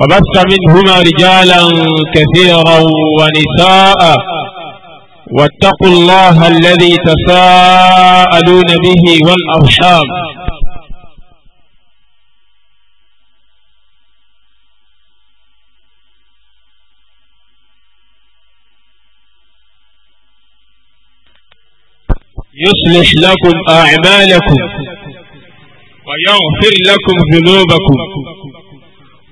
وبث منهما رجالا كثيرا ونساء واتقوا الله الذي تساءلون به والأرحام يصلح لكم أعمالكم ويغفر لكم ذنوبكم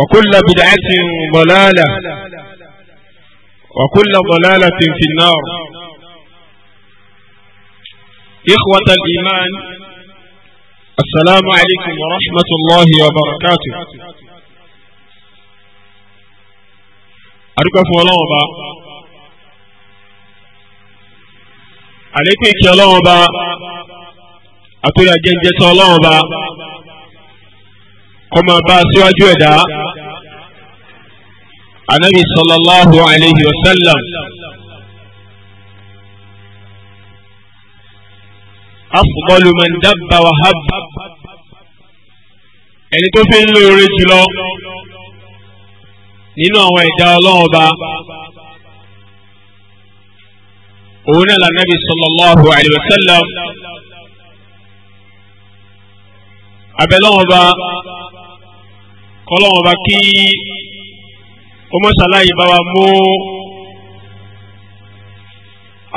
وكل بدعة ضلالة وكل ضلالة في النار إخوة الإيمان السلام عليكم ورحمة الله وبركاته أركف فلان عليك عليكم كلام با أقول جنجة الله با kọmọ bá anabi sallallahu alayhi wa sallam afdalu man dabba wa habba ẹni tó fi ń lóore jùlọ nínú àwọn ẹ̀dá ọlọ́run ọba òun náà lànàbí sallallahu alayhi wa sallam abẹ́lọ́run ọba kọ́lọ́run ọba kí kọmọsàlàyé bá wa mú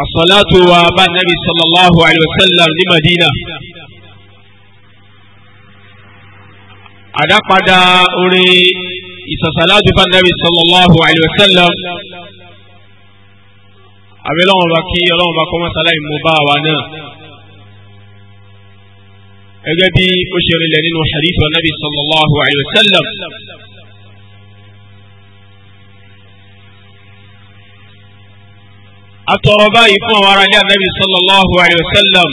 asọ́látò wa bá nàbí sallallahu alayhi wa sallam ní madina àdápadà orí ìsọ̀sàlátò bá nàbí sallallahu alayhi wa sallam àbí lọ́wọ́n bá kí ọlọ́wọ́n bá kọmọsàlàyé mú bá wa náà gẹ́gẹ́ bí ó ṣe rinlẹ̀ nínú hadith wa sallallahu alayhi wa sallam. atọrọ báyìí fún àwọn aráàlú anabi sallallahu alayhi wa sallam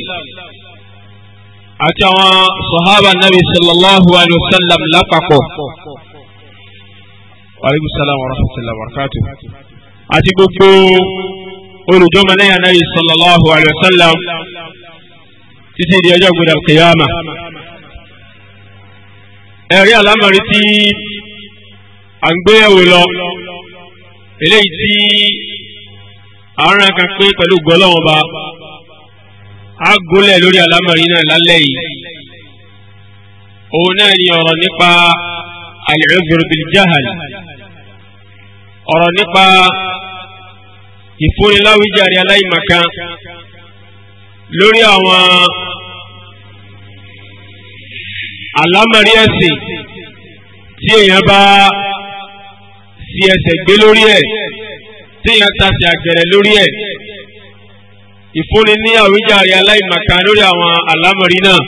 àti àwọn sahaba anabi sallallahu alayhi wa sallam lápapọ̀ wàlúù sálàm wa rahmatulah barakatu àti gbogbo olùjọ́mọlẹ́yìn anabi sallallahu alayhi wa sallam títí di ọjọ́ gbọdọ̀ kìyàmà ẹ̀rí àlámọ̀rí tí à ń gbéyàwó lọ eléyìí tí àárín kan pé pẹ̀lú gbọ́lọ́wọ́n ba á gólẹ̀ lórí àlámọ̀rí náà lálẹ́ yìí òun náà ni ọ̀rọ̀ nípa al-'udhr bil-jahl ọ̀rọ̀ nípa ìfúnniláwíjàre aláìmọ̀kan lórí àwọn àlámọ̀rí ẹ̀sìn tí èèyàn bá sí ẹsẹ̀ gbé lórí ẹ̀ téèyàn tàṣì àgẹ̀rẹ̀ lórí ẹ̀ ìfúnni ní àwíjàre aláìmàkà lórí àwọn àlámọ̀rí náà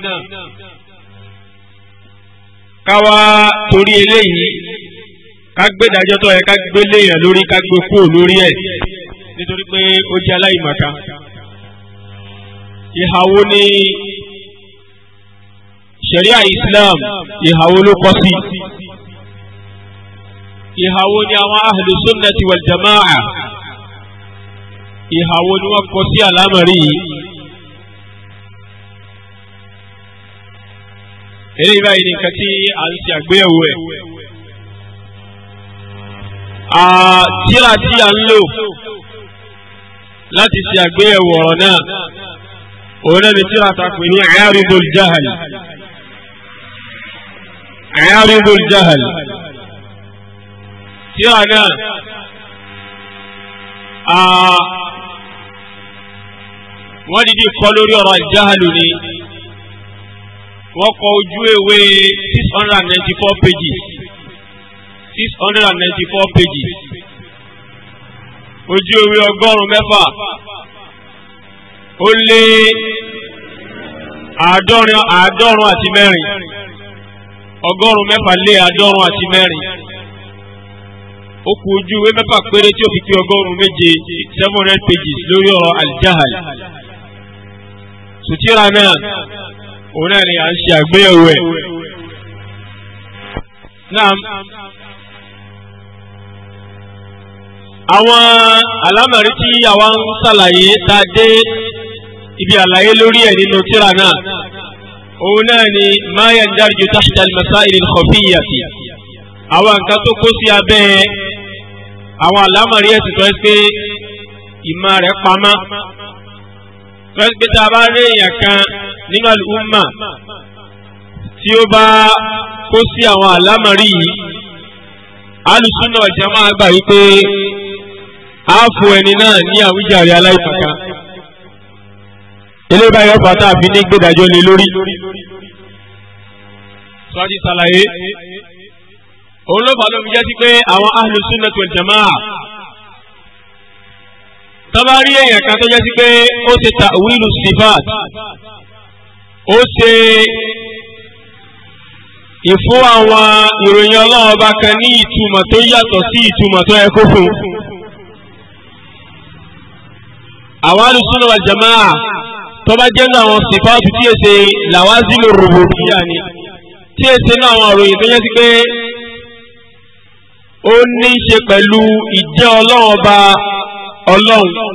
káwa torí eléyìí ká gbé dájọ́ tó yẹ ká gbé léèyàn lórí ká gbé kúrò lórí ẹ̀ nítorí pé ó jẹ́ aláìmàkà ìhàwó ni ṣẹ̀ríà Islam ìhàwó ló kọ́ sí ìhàwó ni àwọn ahlu sunnati wal jama'a ìhàwó ni wọ́n kọ sí àlámọ̀rí yìí. eré báyìí ni nǹkan tí a ń ṣe àgbéyẹ̀wò ẹ̀. tíra tí a ń lò láti ṣe àgbéyẹ̀wò ọ̀rọ̀ náà òun náà ni tíra ta pè ní ayaridul jahal ayaridul jahal tíra náà ah. wọ́n dìde kọ lórí ọ̀rọ̀ àjáhàlù ni wọ́n kọ ojú ewé six hundred and ninety four pages six hundred and ninety four pages ojú ewé ọgọ́rùn-ún mẹ́fà ó lé àádọ́rùn-ún àti mẹ́rin ọgọ́rùn-ún mẹ́fà lé àádọ́rùn-ún àti mẹ́rin ó kù ojú ìwé mẹ́fà péré tí ó fi pé ọgọ́rùn-ún méje seven hundred pages lórí ọ̀rọ̀ aljahal sùtírà náà òun náà ni à ń ṣe àgbéyẹ̀wò ẹ̀ náà àwọn alámọ̀rí tí àwa ń ṣàlàyé tá a dé ibi àlàyé lórí ẹ̀ nínú tírà náà òun náà ni ma yandarju tahta al-masail al-khafiyyah àwọn nǹkan tó kó sí abẹ́ àwọn àlámọ̀rí ẹ̀sìn tó ẹ́ pé ìmọ̀ rẹ̀ pamọ́ tó ẹ́ pé tá a bá rí èèyàn kan nínú àlùmọ̀ tí ó bá kó sí àwọn àlámọ̀rí yìí alùsùnà ọ̀jà máa gbà wípé a fún ẹni náà ní àwíjàre aláìmọ̀ká eléyìí báyọ̀ pátá àfi ní gbẹdàjọ́ ni lórí. sọ́jí ṣàlàyé òun ló fà ló fi jẹ́ sí pé àwọn ahlu sunnah wal jama'a tọ́ba rí èèyàn kan tó jẹ́ sí pé ó ṣe ta'wilu sifat ó ṣe ìfún àwọn ìròyìn ọlọ́run ọba kan ní ìtumọ̀ tó yàtọ̀ sí ìtumọ̀ tó yẹ kó fún àwọn ahlu sunnah wal jama'a tọ́ba jẹ́ ní àwọn sifat tí èsè làwázìlò rògbòdìyà ni tí èsè ní àwọn ìròyìn tó jẹ́ sí pé ó ní í ṣe pẹ̀lú ìjẹ́ ọlọ́run ọba ọlọ́run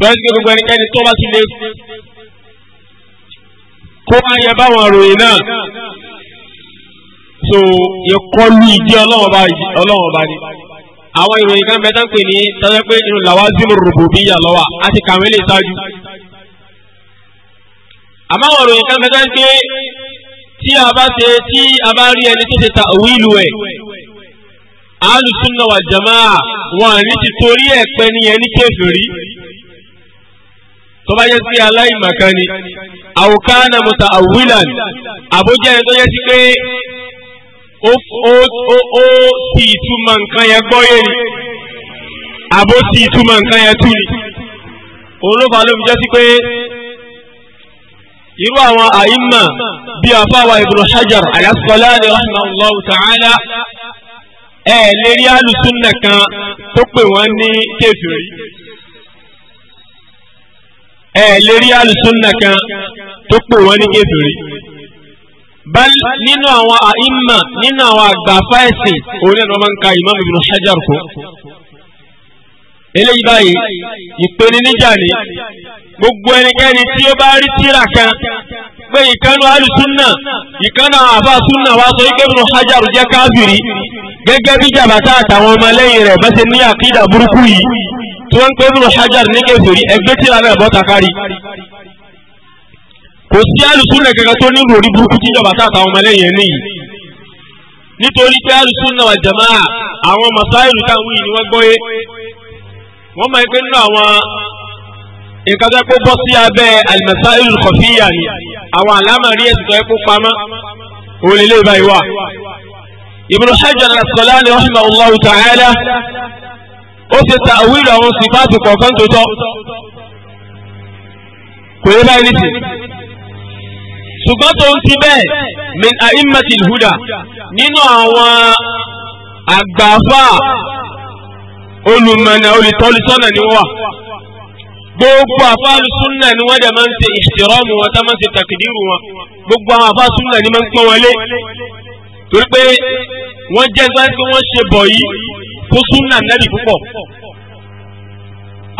lọ́sí gbogbo ẹnikẹ́ni tó bá ti lè kó ayẹ báwọn ìròyìn náà so ìkọlù ìjẹ́ ọlọ́run ọba ọlọ́run ọba ni àwọn ìròyìn kan bẹ tán pè ní tọ́jọ́ pé inú làwázìmù rùbùbíyà lọ́wọ́ àti kàwé lè ṣáájú àmọ́ àwọn ìròyìn kan bẹ tán pé tí a bá ṣe tí a bá rí ẹni tó ṣe ta òwìlú ẹ̀ alùsùnà wà jàmáà wọn àní ti torí ẹ̀ pẹ́ ní ẹni kèfèrí tó bá yẹ sí aláìmọ̀kan ni àwòkáàna mọ̀tà àwílàn àbójá ẹni tó yẹ sí pé ó sì ìtumọ̀ nǹkan yẹn gbọ́yé ni àbó sì ìtumọ̀ nǹkan yẹn tú ni òun ló fà ló fi jẹ́ sí pé irú àwọn àyímà bíi àfáwà Ibn Hajar al-Asqalani rahimahullahu ta'ala ẹ lè rí alùsùnà kan tó pè wọ́n ní kèfèrí ẹ lè rí alùsùnà kan tó pè wọ́n ní kèfèrí bẹ́ẹ̀ nínú àwọn àìmọ̀ nínú àwọn àgbàfà ẹ̀sìn orí ẹ̀rọ máa ń ka Imam Ibn Hajar kó eléyìí báyìí ìpèníjà ni gbogbo ẹnikẹ́ni tí ó bá rí tírà kan pé ìkànnù alùsùnà ìkànnù àbá sùnà wa sọ ike Ibn Hajar jẹ́ káfìrí gẹ́gẹ́ bí jàbátà àtàwọn ọmọ lẹ́yìn rẹ̀ bá ṣe ní àkídà burúkú yìí tí wọ́n ń pè Ibn Hajar ní kèfèrí ẹgbẹ́ tí ra náà bọ́ta kárí. kò sí alùsùnà kankan tó ní ròrí burúkú tí jàbátà àtàwọn ọmọ lẹ́yìn ní yìí nítorí pé alùsùnà wal jamaa àwọn masáìlú táwọn yìí ni wọ́n gbọ́yé wọ́n máa ń pè nínú àwọn nǹkan tó yẹ kó bọ́ sí abẹ́ al-masail al-khafiyya ni àwọn àlámọ̀rí ẹ̀sìn tó yẹ kó pamọ́ òun lè lè báyìí wà. Ibn Hajar al-Asqalani rahimahullahu ta'ala ó ṣe ta'wil àwọn sífáàtì kọ̀ọ̀kan tó tọ́ kò yẹ báyìí nìsí ṣùgbọ́n tó ń ti bẹ́ẹ̀ min a'immatil huda nínú àwọn àgbàfà olùmọ̀nà olùtọ́lùsọ́nà ni wọ́n wà gbogbo àfáàlù súnà ni wọ́n dẹ̀ máa ń ṣe ìṣìrọ́mù wọn tá máa ń ṣe tàkìdírù wọn gbogbo àwọn àfáà súnà ni máa ń pọ́n wọn lé torí pé wọ́n jẹ́ sáré pé wọ́n ṣe bọ̀ yìí fún súnà nẹ́bì púpọ̀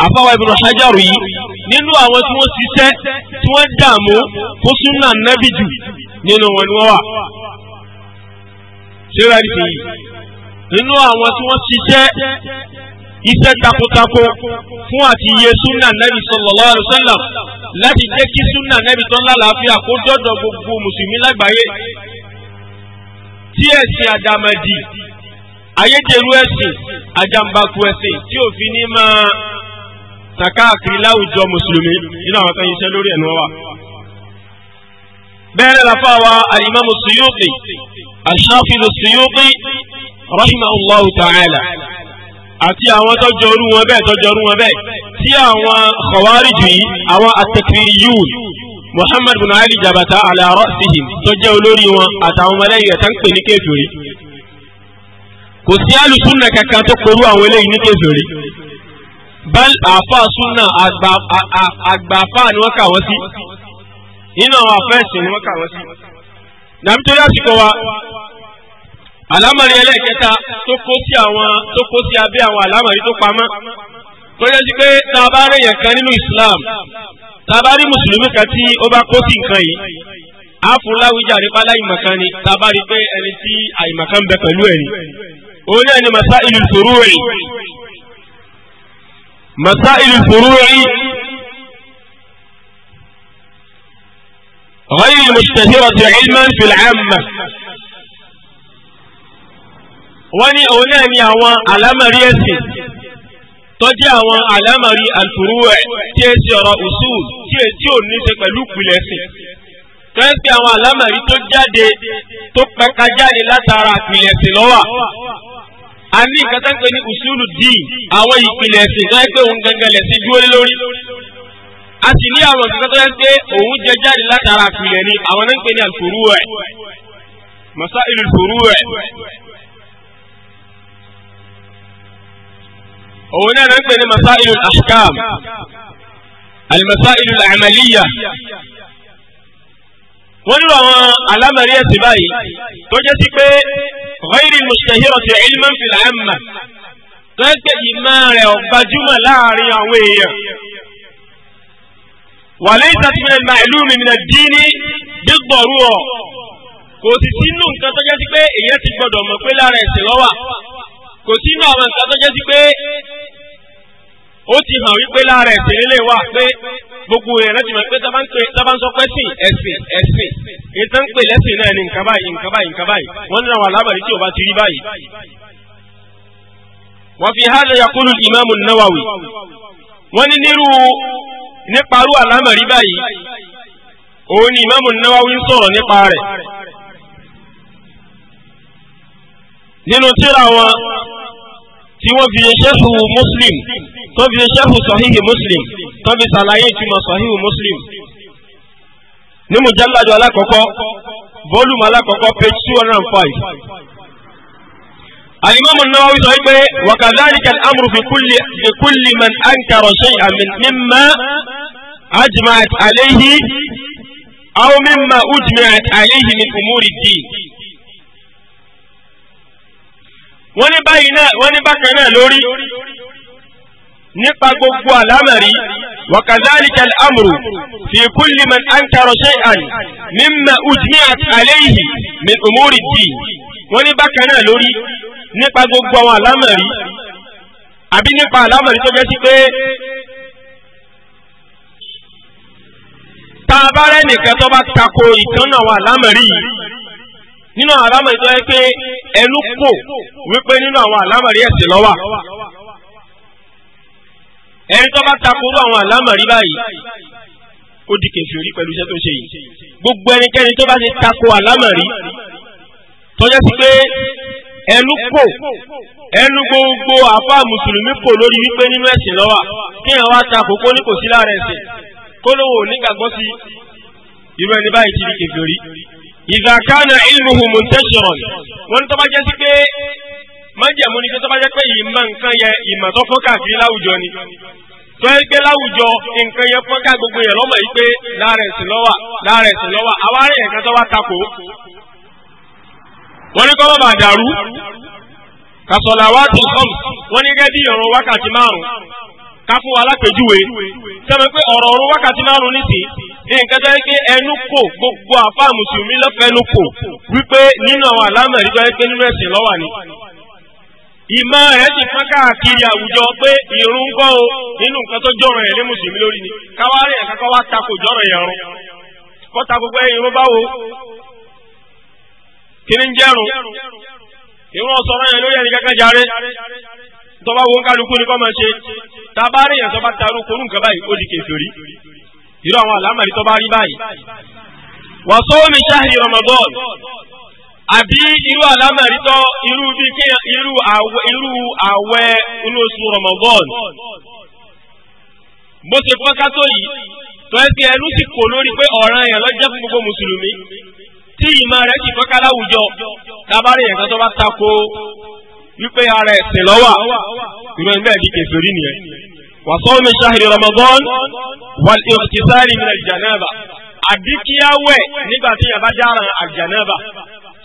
àfáwà Ibn Hajar yìí nínú àwọn tí wọ́n ṣiṣẹ́ tí wọ́n dààmú fún súnà nẹ́bì jù nínú wọn ni wọ́n wà ṣé rẹ̀ nìyí nínú àwọn tí wọ́n ṣiṣẹ́ iṣẹ́ takuntakun fún àti iye sunna nabi sallallahu alaihi wasallam láti jẹ́ kí sunna nabi tó lálàáfíà kó dọ́dọ̀ gbogbo mùsùlùmí lágbàáyé tí ẹ̀sìn àdàmàdì ayédèrú ẹ̀sìn àjàmbáku ẹ̀sìn tí òfin ní máa tàkáàkiri láwùjọ mùsùlùmí nínú àwọn kan iṣẹ́ lórí ẹ̀nu wa bẹ́ẹ̀ lafa wa alimamu suyuti ashafidu suyuti rahimahullahu ta'ala àti àwọn tọ́jọ́rú wọn bẹ́ẹ̀ tọ́jọ́rú wọn bẹ́ẹ̀ tí àwọn khawarij yìí àwọn at-takririyyun muhammad bin ali jabata ala ra'sihim tó jẹ́ olórí wọn àtàwọn ọmọlẹ́yìn rẹ̀ tán pè ní kèfèrí kò sí alùsùnà kankan tó pẹ̀lú àwọn eléyìí ní kèfèrí bal àfa súnà àgbàfà ni wọ́n kà wọ́n sí nínú àwọn àfẹ́sìn ni wọ́n kà wọ́n sí nàbí tó wa àlámọ̀rí ẹlẹ́ẹ̀kẹta tó kó sí àwọn tó kó sí abẹ́ àwọn àlámọ̀rí tó pamọ́ tó yẹ sí pé tá a bá rí yẹn kan nínú Islam tá a bá rí mùsùlùmí kan tí ó bá kó sí nǹkan yìí á fún láwùjáde pálá ìmọ̀kan ni tá a bá rí pé ẹni tí àìmọ̀kan bẹ pẹ̀lú ẹ̀ ni orí ẹni masá ìlú sòrú rẹ̀ masá ìlú sòrú rẹ̀ غير المشتهرة علما في العامة wọ́n ní òun náà ní àwọn àlámọ̀rí ẹ̀sìn tó jẹ́ àwọn àlámọ̀rí àlùfòrú ẹ̀ tí ẹ ṣe ọ̀rọ̀ usul tí ẹ tí ò ní ṣe pẹ̀lú ìpìlẹ̀ ẹ̀sìn tó ẹ ṣe àwọn àlámọ̀rí tó jáde tó pẹ̀ka jáde látara ìpìlẹ̀ ẹ̀sìn lọ́wọ́ a ní nǹkan tó ń pè ní usulu díì àwọn ìpìlẹ̀ ẹ̀sìn tó ẹ pé òun gangan lẹ̀ sí dúró lórí a sì ní àwọn nǹkan tó ẹ pé òun jẹ jáde látara ìpìlẹ̀ ni àwọn náà ń pè ní àlùfòrú ẹ̀ masailu alfuru' òun náà ń pè ní masailu al-ahkam al-masailu al-amaliya wọ́n nínú àwọn alámàrí ẹ̀sìn báyìí tó jẹ́ sí pé ghairi mustahirati ilman fil amma tó ń pè ìmọ̀ rẹ̀ ọ̀gbajúmọ̀ láàrin àwọn èèyàn wa laysat min al-ma'lumi min ad-dini bid-darura kò sì sínú nǹkan tó jẹ́ sí pé èèyàn ti gbọ́dọ̀ mọ̀ pé lára ẹ̀sìn ló wà kò sínú àwọn nǹkan tó jẹ́ sí pé ó ti hàn wípé lára ẹ̀sìn lélẹ̀ wà pé gbogbo èèyàn láti mọ̀ pé sábà ń sọ pé sìn ẹ̀sìn ẹ̀sìn ètò ń pè lẹ́sìn náà ní nǹkan báyìí nǹkan báyìí nǹkan báyìí wọ́n ní àwọn alábàárí tí ò bá ti rí báyìí. wa fi hadha yaqulu al-imam an-Nawawi wọ́n ní nírú níparú àlámọ̀rí báyìí òun ni Imam Nawawi ń sọ̀rọ̀ nípa rẹ̀ nínú tírà wọn tí wọ́n fi ṣẹ́sù tó fi ṣe ṣẹ́fù sọ̀híhì muslim tó fi ṣàlàyé ìtumọ̀ sọ̀híhì muslim ní mujalladu alákọ̀ọ́kọ́ volume alákọ̀ọ́kọ́ page two hundred and five. الإمام النووي صحيح وكذلك الأمر في كل في كل من أنكر شيئا من مما أجمعت عليه أو مما أجمعت عليه من أمور الدين wọ́n ní báyìí náà wọ́n ní bákan náà lórí nípa gbogbo àlámẹ̀rí وكذلك الأمر في كل من أنكر شيئا مما أجمعت عليه من أمور الدين wọ́n ní bákan náà lórí nípa gbogbo àwọn àlámẹ̀rí àbí nípa àlámẹ̀rí tó fẹ́ sí pé tá a nìkan tó bá tako ìkan àwọn àlámẹ̀rí nínú àwọn àlámẹ̀rí tó yẹ pé ẹnu kò wípé nínú àwọn àlámẹ̀rí ẹ̀sìn ló ẹni tó bá takoró àwọn àlámọ̀rí báyìí ó di kèfèrí pẹ̀lú iṣẹ́ tó ṣe yìí gbogbo ẹnikẹ́ni tó bá ti tako àlámọ̀rí tọ́jọ́ sí pé ẹnu kò ẹnu gbogbo àfa mùsùlùmí kò lórí wípé nínú ẹ̀sìn lọ́wà kí ẹ̀ wá ta kókó ní kò sí lára ẹ̀sìn kó lówó onígbàgbọ́ sí irú ẹni báyìí ti di kèfèrí. ìgbà kánà ìlú hùmùntẹ́sọ̀rọ̀ wọn tó bá jẹ́ sí pé ma ni tó bá pé ìmọ̀ nǹkan yẹ ìmọ̀ tó fọ́n ni tó yẹ pé láwùjọ nǹkan yẹ fọ́n ká gbogbo yẹn lọ́mọ yìí pé láàrẹ̀ sí lọ́wà láàrẹ̀ sí lọ́wà àwa rẹ̀ tó wá takò wọ́n ní wa wọ́n ní gẹ́gẹ́ bí ọ̀rọ̀ wákàtí márùn-ún ká fún wa lápèjúwe sẹ́mi pé ọ̀rọ̀ ọ̀rọ̀ wákàtí márùn-ún nìsín ní nǹkan tó yẹ gbogbo àfa mùsùlùmí kò wípé nínú àwọn àlámọ̀ ìdíjọ́ yẹ nínú ẹ̀sìn ni ìmọ̀ rẹ̀ ti fọ́n káàkiri àwùjọ pé ìrun ń kọ́ o nínú nǹkan tó jọ̀rọ̀ yẹn ní mùsùlùmí lórí ni káwárí ẹ̀ kankan wá takò jọ̀rọ̀ yẹn rún kọ́ takò pé ìrun báwo kí ni ń jẹ́rùn ìrun ọ̀sọ̀rọ̀ yẹn lórí ẹni kankan járe tọ́ba wo kálukú ni kọ́ máa ṣe tabarí yẹn tọ́ba taru korú nǹkan báyìí ó di kèfèrí irú àwọn àlámàrí tọ́ba rí báyìí wàsó mi àbí irú àlámẹ̀rí tọ́ irú bí kí irú àwẹ̀ irú àwẹ̀ olóṣù Ramadan bó ṣe pọ́n kátó yìí tó ẹ́ ti ẹnu sì kò lórí pé ọ̀ràn yẹn ló jẹ́ fún gbogbo mùsùlùmí tí ìmọ̀ rẹ̀ sì pọ́n ká láwùjọ tábàárẹ̀ yẹn kan tó bá tako wípé ara ẹ̀sìn lọ́wà ìrọ̀ ẹ̀mí ẹ̀dí kẹfìrí nìyẹn wà sọ́mi ṣáhìrì Ramadan wal ightisali min al-janaba àbí kíyàwẹ̀ nígbà tí yàrá bá jára al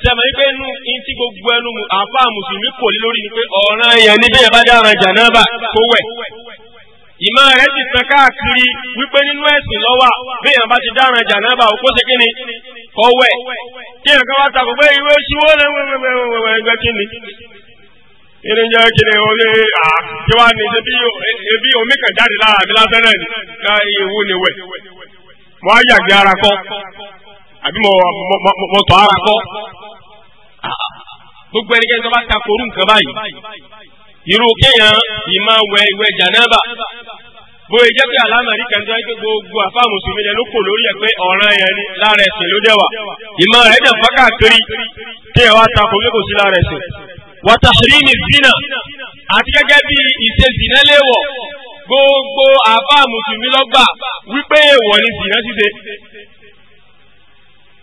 sẹ́mi pé nù ntí gbogbo ẹnu àfa mùsùlùmí kò lé lórí ni pé ọ̀ràn yẹn níbẹ̀ yẹn bá dáran jànáàbà tó wẹ̀. ìmọ̀ rẹ̀ ti tàn káàkiri wípé nínú ẹ̀sìn lọ́wọ́ béèyàn bá ti dáran jànáàbà ó kó ṣe kí ni kọ́ wẹ̀. kí ẹ̀ kan wá takò pé ìwé ṣíwó lẹ́ wẹ́wẹ́wẹ́wẹ́ kí ni. irin jẹ́ kí ni olè àti wá ní ebi omi kan jáde lára mi lásán náà ni ká ìwú ni wẹ̀. mo á yàgbé ara kọ́ àbí mo tọ́ ara kọ́ gbogbo ẹnikẹ́ni tó bá ta korú nǹkan báyìí irú kéèyàn ìmọ̀ wẹ̀ ìwẹ̀ jànáàbà bóyá jẹ́ pé alámàrí kẹntọ́ ẹ́ pé gbogbo àfáà mùsùlùmí lẹ ló kò lórí ẹ̀ pé ọ̀ràn yẹn ni lára ẹ̀sìn ló dẹ̀ wà ìmọ̀ rẹ̀ dẹ̀ fọ́ káàkiri kéèyàn wá ta korú kò sí lára ẹ̀sìn. wa tahrimi zina àti gẹ́gẹ́ bí ìṣe zina léwọ̀ gbogbo àfáà mùsùlùmí lọ́gbà wípé èèwọ̀ ni zina ṣíṣe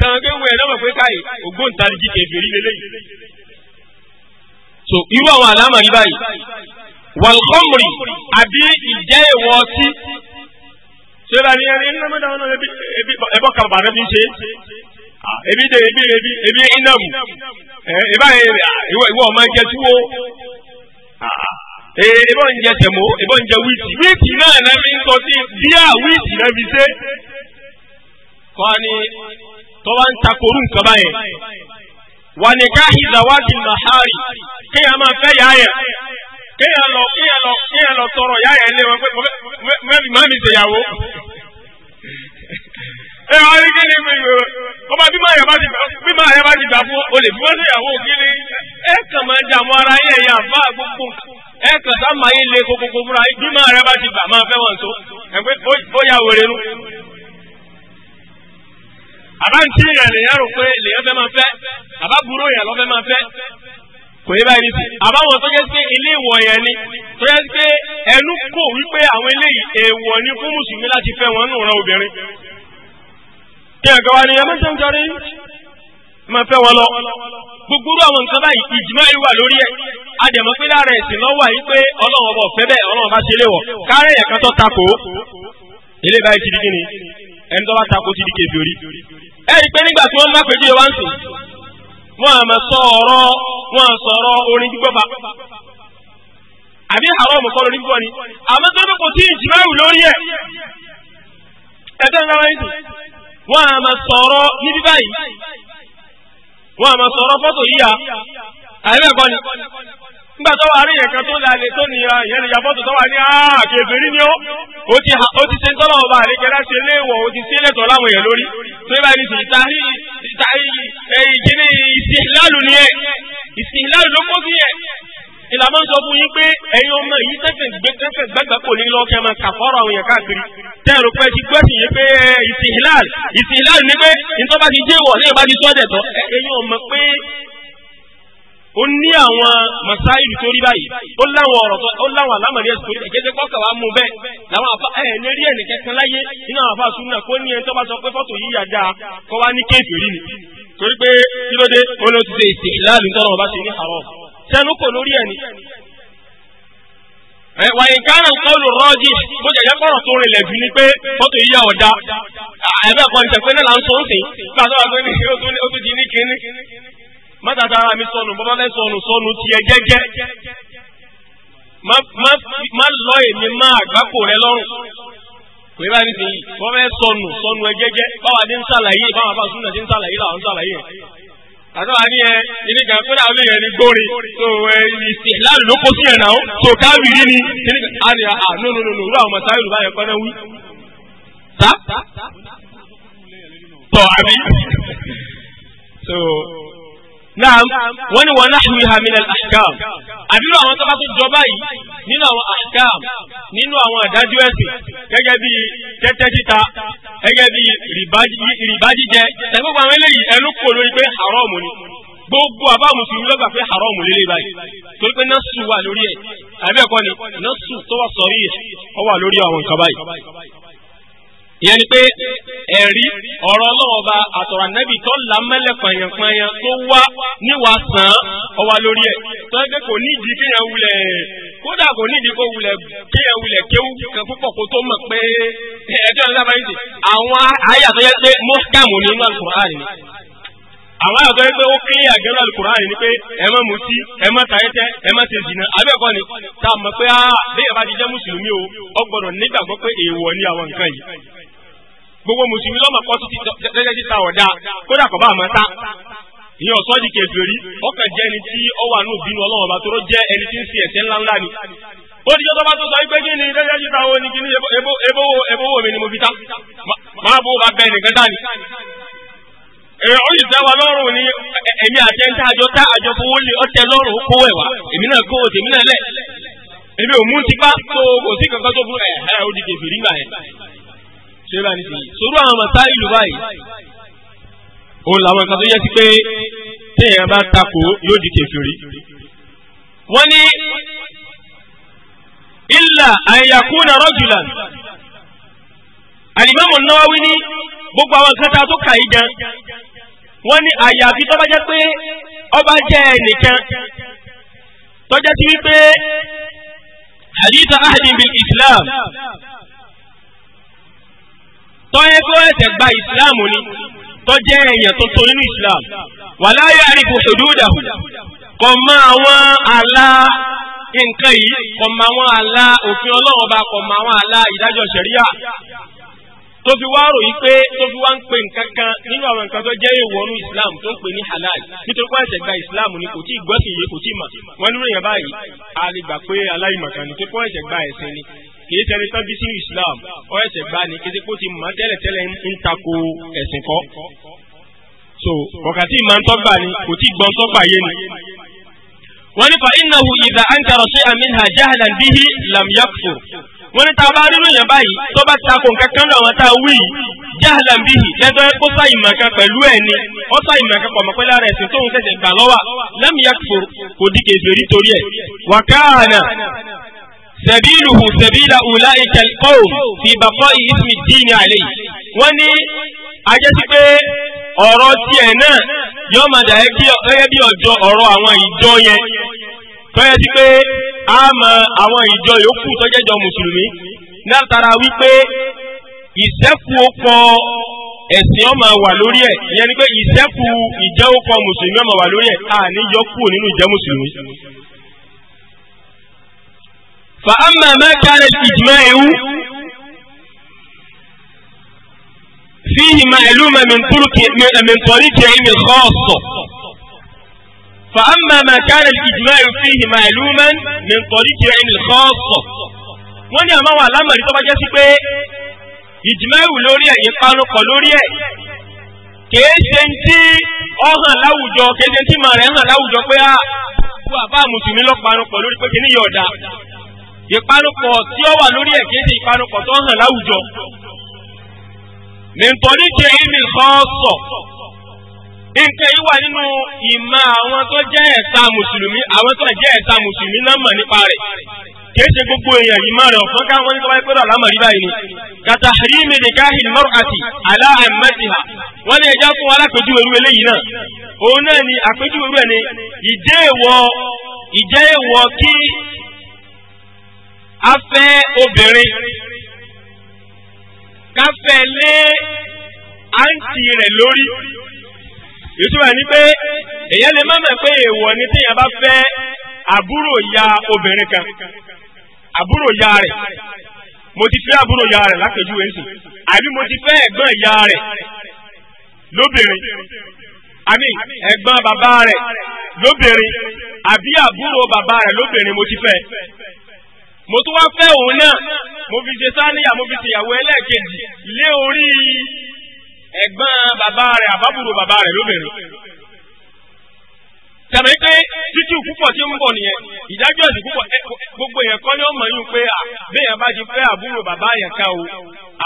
kàn gbé wọ ẹ̀rọ mọ̀ pé káyì ògbóǹtarìgì kẹfìrí lélẹ́yìn. so irú àwọn àlámà rí báyìí wàlúkọ́mùrì àbí ìjẹ́ ìwọ ọtí ṣé bá ní ẹni iná mọ́tà ọ̀nà ẹbọ kan bàbá mi ṣe ebi de ebi ebi ebi inamu ẹ ẹ báyìí ìwọ ìwọ ọmọ ẹjẹ tí wo ee ìbọn ń jẹ tẹmọ ìbọn ń jẹ wíìtì wíìtì náà náà fi ń sọ sí bíà wíìtì náà fi wọ́n á ní tó bá ń takoru nǹkan báyẹn wà ní káyì zawadi mahari kéèyàn máa fẹ́ yá yẹn kéèyàn lọ kéèyàn lọ kéèyàn lọ tọrọ yá yẹn lé wọn pé mẹ́bí má mi ṣèyàwó. ẹ wá rí kí mi yọ ọba bí máa ti gbà bí máa ti gbà fún olè bí wọ́n ṣèyàwó kí ni ẹ kàn máa dààmú ara yẹn yẹn àbá gbogbo ẹ kàn sá máa yín lé kókókó múra bí ti gbà máa fẹ́ wọn tó ẹ pé ó yà wèrè nù àbá ń tí yẹn lèyàn rò pé lèyàn fẹ́ máa fẹ́ àbá burú yẹn lọ́fẹ́ máa fẹ́ kò yé báyìí nìsí àbá wọn tó jẹ́ pé ilé ìwọ̀ yẹn ni tó jẹ́ pé ẹnu kò wípé àwọn eléyìí èèwọ̀ ni fún mùsùlùmí láti fẹ́ wọn nù ran obìnrin kí ẹ̀kọ́ wa ni ẹ̀mọ́ jẹun jọrí ma fẹ́ wọn lọ gbogbo àwọn nǹkan báyìí ìjìmọ́ ìwà lórí ẹ̀ àdẹ̀mọ́ pé lára ẹ̀sìn lọ́wọ́ àyí pé ọlọ́run ọba ọ̀fẹ́ bẹ́ẹ̀ ọlọ́run bá ṣe léwọ̀ kárẹ̀ ẹ̀kan tó takò ilé báyìí ti di kíni ẹni tó bá takò ti di kèfì orí ẹ ikpe pé nígbà tí wọ́n má pèjú yẹn wá ń wọ́n orin gbígbọ́ àbí haram kọ́ lórí gbígbọ́ ni àmọ́ tó kò sí ìjìmáwù lórí ẹ̀ ẹ̀tọ́ nígbà wáyé sùn wọ́n àmọ́ sọ̀rọ̀ níbí báyìí wọ́n àmọ́ sọ̀rọ̀ fọ́tò yíya nígbà tó wà rí nǹkan tó lálẹ́ tó nira ìyẹn ìyá fọ́tò tó wà ní àkèbèrè ah, ni ó ó ti ṣe ń tọ́lọ̀ ọba àríkẹ́lá ṣe léèwọ̀ ó ti ṣe lẹ́tọ̀ọ́ láwọn èèyàn lórí tó yẹ báyìí ìta ìta ìkíní ìsìláàlù ni ẹ ìsìláàlù ló kó sí ẹ ìlànà sọ fún yín pé ẹ̀yin ọmọ yìí tẹ̀sẹ̀ gbẹ́gbẹ́ gbẹ́gbẹ́ kò ní lọ́ọ́ kẹ́ máa kàfọ́rọ̀ àwọn èèyàn káàkiri tẹ́rù pé ti gbẹ́sìn yín pé eh, ìsìláàlù ìsìláàlù ni pé nítorí bá ti jẹ́wọ̀ lẹ́yìn bá ti sọ́dẹ̀ tọ́ ẹ̀yin ọmọ pé ó ní àwọn masáìlì tó rí báyìí ó láwọn ọ̀rọ̀ tó ó láwọn àlámọ̀rí ẹ̀sùn tó rí báyìí kéde kọ́kà wá mú bẹ́ẹ̀ làwọn àfa ẹ̀ ní rí ẹ̀nì kankan láyé nínú àwọn àfa sunna kó ní ẹni tó bá sọ pé fọ́tò yìí yà dáa wá ní kéèfì rí ni torí pé kí ló dé ó ló ti ṣe ìsè láàlú tọrọ ọba ṣe ní àrọ sẹnu kò lórí ẹni. ẹ wà nǹkan kọlù rọ́ọ̀jì bó jẹjẹ kọ̀rọ̀ tó rìnlẹ̀ jù ni pé fọ́tò yìí yà ọ̀dà ẹ̀bẹ̀ kan ìṣẹ̀pẹ́ náà là ń sọ ó sì gbà tó wà pé ó tún di ní kínní mọ́tàtà ara mi sọnù bọ́bá fẹ́ sọnù sọnù tiẹ̀ jẹ́jẹ́ má lọ èmi má àgbákò rẹ lọ́rùn pé bá ní sèyí wọ́n fẹ́ sọnù sọnù ẹ jẹ́jẹ́ báwa ní ń sàlàyé báwa bá súnà sí ń sàlàyé làwọn ń sàlàyé àtàwà ní ẹ ilé kan kódà olè yẹn ni gbórin tó ẹ ìsìn láàrin ló kó sí ẹ̀ náà tó káwìrì ni ilé kan á ní nù nù nù nù rú àwọn mọ̀sáyé olùbá yẹn kọ́ wí. tá tọ́ àbí. so naam wọ́n ní wọ́n nahwiha min al-ahkam àbírò àwọn tó bá tó jọba yìí nínú àwọn ahkam nínú àwọn àdájọ́ ẹ̀sìn gẹ́gẹ́ bí tẹ́tẹ́ títa gẹ́gẹ́ bí rìbá jíjẹ tẹ̀gbọ́n àwọn eléyìí ẹnu kò lórí pé haram ni gbogbo àbá mùsùlùmí lọ́gbà pé haram lélẹ̀ báyìí torí pé násù wà lórí ẹ̀ àbí ẹ̀kọ́ ni násù tó wà sọ̀rí ọ̀ wà lórí àwọn nǹkan báyìí ìyẹn ni pé ẹ̀rí ọ̀rọ̀ ọlọ́ọ̀ba àtọ̀rọ̀ ànábì tó là mẹ́lẹ̀ pààyàn-pààyàn tó wá níwà sàn ó wà lórí ẹ̀ tó ẹgbẹ́ kò nídìí kéèyàn wulẹ̀ kódà kò nídìí kó wulẹ̀ kéèyàn wulẹ̀ kéwù kan púpọ̀ kó tó mọ̀ pé ẹ̀ẹ́dẹ́ ọ̀sán bá ń sè àwọn àyà tó yẹ pé mọ́kàmù ní inú àlùkùránì ni àwọn àyà tó pé ó kílé àgẹ́rù àlùkùránì ni pé ẹ má mutí ẹ má tayẹ́tẹ́ ẹ má ṣe zìnà abẹ́ẹ̀kọ́ ni tá a mọ̀ pé ah bí ẹ ti jẹ́ mùsùlùmí o ọ gbọ́dọ̀ nígbàgbọ́ pé èèwọ̀ ni àwọn nǹkan yìí gbogbo mùsùlùmí lọ́mọ kọ́ títí tẹ́tẹ́ títa ọ̀dà kódà kọ́ bá àmọ́ ta ìyẹn ọ̀sọ́ di kèfèrí ọkàn jẹ́ ẹni tí ó wà nù bínú bá tóró jẹ́ ẹni tí ń fi ẹ̀sẹ̀ ńláńlá ni ó di ọjọ́ bá tó sọ wípé kí ni tẹ́tẹ́ títa wo ni kí ni ni mo fi ta máa ni àti àjọ ọtẹ lọ́rùn kó èmi náà kó náà lẹ̀ èmi ò mú tó kò sí kankan tó ẹ̀ ṣé bá ní sèyí sòrò àwọn mọ̀tá ìlú báyìí òun làwọn nǹkan tó yẹ sí pé téèyàn bá takò yóò di kèfèrí wọ́n ní illa an yakuna rajulan Al-Imam an ní gbogbo àwọn nǹkan tó kà yí gan wọ́n ní àyàfi tó bá jẹ́ pé ọba jẹ́ ẹnìkan tó jẹ́ sí wípé hadith ahadin bil islam tọ́yẹ kó ẹ̀sẹ̀ gba islam ni tọ́ jẹ́ èèyàn tuntun nínú islam wala ya'rifu hududahu kò mọ àwọn àlà nǹkan yìí kò mọ àwọn àlà òfin ọlọ́wọ́ bá kò mọ àwọn àlà ìdájọ́ ṣẹ̀ríà tó fi wá rò yí pé tó fi wá ń pe nǹkan kan nínú àwọn nǹkan tó jẹ́ èèwọ̀ nínú islam tó ń pè ní halal nítorí pé ẹ̀sẹ̀ gba islam ni kò tí ì gbọ́sìn yìí kò tí ì mà wọ́n nínú èèyàn báyìí a lè gbà pé aláìmọ̀kan ni tó pé ẹ̀sẹ̀ gba ẹ̀sìn ni kìí ṣẹni tán bí islam ọ ẹsẹ̀ gbá ni kí ṣe kó ti mọ̀ tẹ́lẹ̀tẹ́lẹ̀ ń tako ẹ̀sìn kọ́ so kọ̀ọ̀kan tí ìmọ̀ ń tọ́gbà ni kò tí gbọ́n tọ́gbà yé ni. wọ́n ní fa innahu idha ankara shay'an minha jahlan bihi lam yakfur wọ́n ní tàbá nínú yẹn báyìí tó bá takò nǹkan kan lọ àwọn tá wí jahlan bihi lẹ́tọ́ kó sá ìmọ̀ kan pẹ̀lú ẹ̀ ni ó sá ìmọ̀ kan pọ̀ mọ́pẹ́ lára ẹ̀sìn tóun ṣẹ̀ṣẹ̀ gbà lọ́wà lam yakfur kò di kèfèrí torí ẹ̀ wa kana sẹ̀bílùhù sẹ̀bílà ùlá ìkẹ̀lẹ́kọ̀ọ́ fi bàkọ́ ìyísmi díìní àlè wọ́n ní ajẹ́sí pé ọ̀rọ̀ tiẹ̀ náà yọ́ máa dà gẹ́gẹ́ bí ọjọ́ ọ̀rọ̀ àwọn ìjọ yẹn tọ́yẹ́ sí pé a mọ àwọn ìjọ yòókù tọ́jẹ́jọ mùsùlùmí látara wípé ìṣẹ́kù ọkọ̀ ẹ̀sìn ọmọ wà lórí ẹ̀ ìyẹn ni pé ìṣẹ́kù ìjẹ́ mùsùlùmí ọmọ wà lórí ẹ̀ a yọkù nínú ìjẹ́ mùsùlùmí فأما ما كان الإجماع فيه معلومة من طرق من طريق علم خاصة فأما ما كان الإجماع فيه معلوما من طريق علم خاصة wọ́n ní àmọ́ wà lámàrí tó bá jẹ́ sí pé ìjìmẹ́rù lórí ẹ̀ ìpanupọ̀ lórí ẹ̀ kìí ṣe ń tí ọ hàn láwùjọ kìí ṣe ń tí màrẹ̀ hàn láwùjọ pé ah, àbá mùsùlùmí lọ́panupọ̀ lórí pé kìí yọ̀ọ̀dà ìpanupọ̀ tí ó wà lórí ẹ̀ kéde ìpanupọ̀ tó hàn láwùjọ. nítorí jẹ́ ìmì sọ́ọ̀sọ̀ nǹkan yìí wà nínú ìmọ̀ àwọn tó jẹ́ ẹ̀sà mùsùlùmí àwọn tó jẹ́ ẹ̀sà mùsùlùmí náà mọ̀ nípa rẹ̀ kìí ṣe gbogbo èèyàn yìí máa rẹ̀ ọ̀fọ́n káwọn nípa ẹgbẹ́ rẹ̀ àlámọ̀rí báyìí ni kàtà rímì nìkáhìn mọ́rùkàtì aláàmẹ́tìhà wọ́n ní ẹjọ́ fún alápèjúwe irú eléyìí náà òun náà ni àpèjúwe irú ẹ̀ ni ìdéèwọ̀ ìdéèwọ̀ kí afẹ́ obìnrin káfẹ́ lé àǹtí rẹ̀ lórí ìtumọ̀ ni pé èyàn lè má mọ̀ pé èèwọ̀ ni téèyàn bá fẹ́ àbúrò ya obìnrin kan àbúrò ya rẹ̀ mo ti fẹ́ àbúrò ya rẹ̀ lápèjúwe nsìn àbí mo ti fẹ́ ẹ̀gbọ́n ìyá rẹ̀ lóbìnrin àmì ẹ̀gbọ́n bàbá rẹ̀ lóbìnrin àbí àbúrò bàbá rẹ̀ lóbìnrin mo ti fẹ́ mo tún wá fẹ́ òun náà mo fi ṣe sáníyà mo fi ṣèyàwó ẹlẹ́ẹ̀kejì lé orí ẹ̀gbọ́n bàbá rẹ̀ àbábùrò bàbá rẹ̀ lóbìnrin. tẹ̀mẹ́ pé títí púpọ̀ tí ń bọ̀ nìyẹn ìdájọ́ ẹ̀sìn púpọ̀ gbogbo èèyàn kan ni ó mọ̀ yín pé béèyàn bá ti fẹ́ àbúrò bàbá yẹn ká o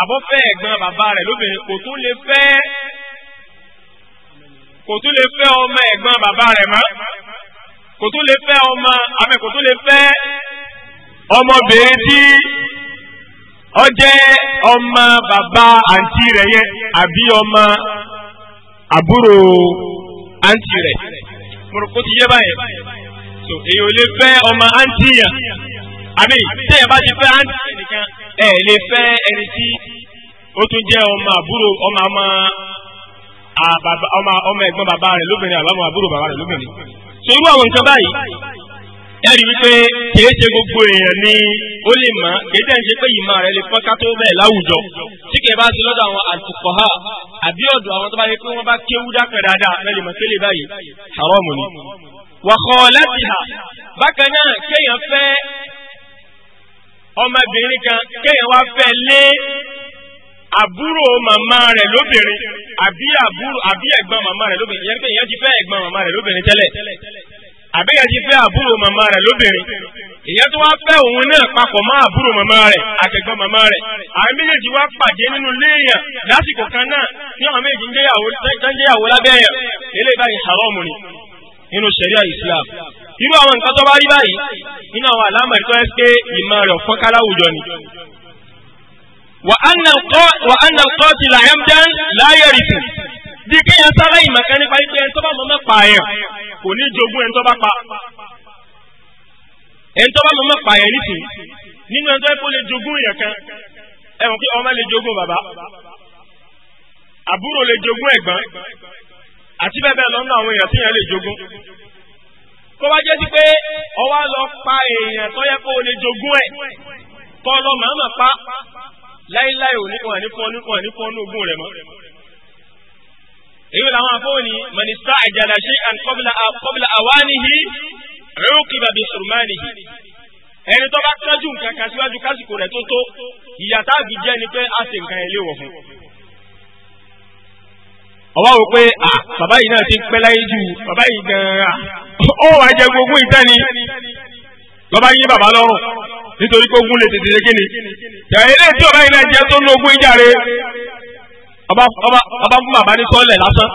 àbọ̀ fẹ́ ẹ̀gbọ́n bàbá rẹ̀ lóbìnrin kò tún lè fẹ́ kò tún lè fẹ́ ọmọ ẹ̀gbọ́n bàbá rẹ̀ mọ́ kò tún lè fẹ́ ọmọ àmẹ́ tún lè fẹ́ ọmọbìnrin tí ọ jẹ ọmọ bàbá àǹtí rẹ yẹ àbí ọmọ àbúrò àǹtí rẹ. kó ti yé so èyí ò lè fẹ́ ọmọ àǹtí yẹn àmì tẹ́yẹ̀ bá ti fẹ́ àǹtí nìkan ẹ̀ lè fẹ́ ẹni tí ó tún jẹ́ ọmọ àbúrò ọmọ ọmọ ọmọ ẹ̀gbọ́n bàbá lóbìnrin àbámu àbúrò so irú àwọn nǹkan ẹ̀rí wípé kìí ṣe gbogbo èèyàn ni ó lè mọ̀ kìí tẹ̀ ń ṣe pé ìmọ̀ rẹ̀ lè pọ́n ká tó bẹ́ẹ̀ láwùjọ tí kìí bá ti lọ́dọ̀ àwọn àtùkọ̀há àbí ọ̀dọ̀ àwọn tó bá yẹ pé wọ́n bá kéwú dákẹ́ dáadáa lẹ́lẹ̀ mọ̀ kélé báyìí haram ni. wàhọ́ láti hà bákan náà kéèyàn fẹ́ ọmọbìnrin kan kéèyàn wá fẹ́ lé àbúrò màmá rẹ̀ lóbìnrin àbí àbúrò àbí ẹ̀gbọ́n màmá rẹ̀ lóbìnrin yẹn pé èèyàn ti fẹ́ ẹ̀gbọ́n màmá rẹ̀ lóbìnrin tẹ́lẹ̀ àbẹ́yẹn ti fẹ́ àbúrò màmá rẹ̀ lóbìnrin ìyẹn tó wá fẹ́ òun náà papọ̀ mọ́ àbúrò màmá rẹ̀ àtẹ̀gbọ́n màmá rẹ̀ àwọn méjèèjì wá pàdé nínú léèyàn lásìkò kan náà ní àwọn méjì ń jẹ́yàwó lábẹ́yàn eléyìí báyìí haram ni nínú ṣẹ̀ríà Islam irú àwọn nǹkan tó bá rí báyìí nínú àwọn àlámọ̀ ìtọ́ ẹ́ pé ìmọ̀ rẹ̀ ọ̀fọ́n káláwùjọ ni. wà á nà kọ́ ti làyẹ̀mdán láyẹ̀rìsì di kéèyàn sára ìmọ̀ká nípa wípé ẹni tó bá mọ̀mọ́ pa ẹ̀ kò ní jogún ẹni tó bá pa ẹni tó bá mọ̀mọ́ pa ẹ̀ nìsín nínú ẹni tó kó lè jogún èèyàn kan ẹ̀wọ̀n pé ọmọ lè jogún bàbá àbúrò lè jogún ẹ̀gbọ́n àti bẹ́ẹ̀ bẹ́ẹ̀ lọ́nà àwọn èèyàn tíyàn lè jogún kó bá jẹ́ sí pé ọwá lọ pa èèyàn tó yẹ kó lè jogún ẹ̀ kọ́ lọ màmá pa láíláí òní èyí làwọn afọ́ni mọ̀nísà àjàlá ṣe àn kọ́bìlà àwánihi rúkìbà bí sùrùmánihi ẹni tó bá tẹ́jú nǹkan kan síwájú kásìkò rẹ̀ tó tó ìyàtá àbí jẹ́ ni pé a ṣe nǹkan ilé wọ̀ fún. ọwọ́ wò pé à bàbá yìí náà ti pẹ́ láyé jù bàbá yìí gan-an ó wàá jẹ gbogbo ìtẹ́ni bàbá yín bàbá lọ́rùn nítorí pé ogun lè tètè dé kíni. ìyá ilé tí bàbá yìí náà jẹ tó lóògùn ìjà rẹ̀ ọba fún bàbá ní sọ́ọ̀lẹ̀ lásán.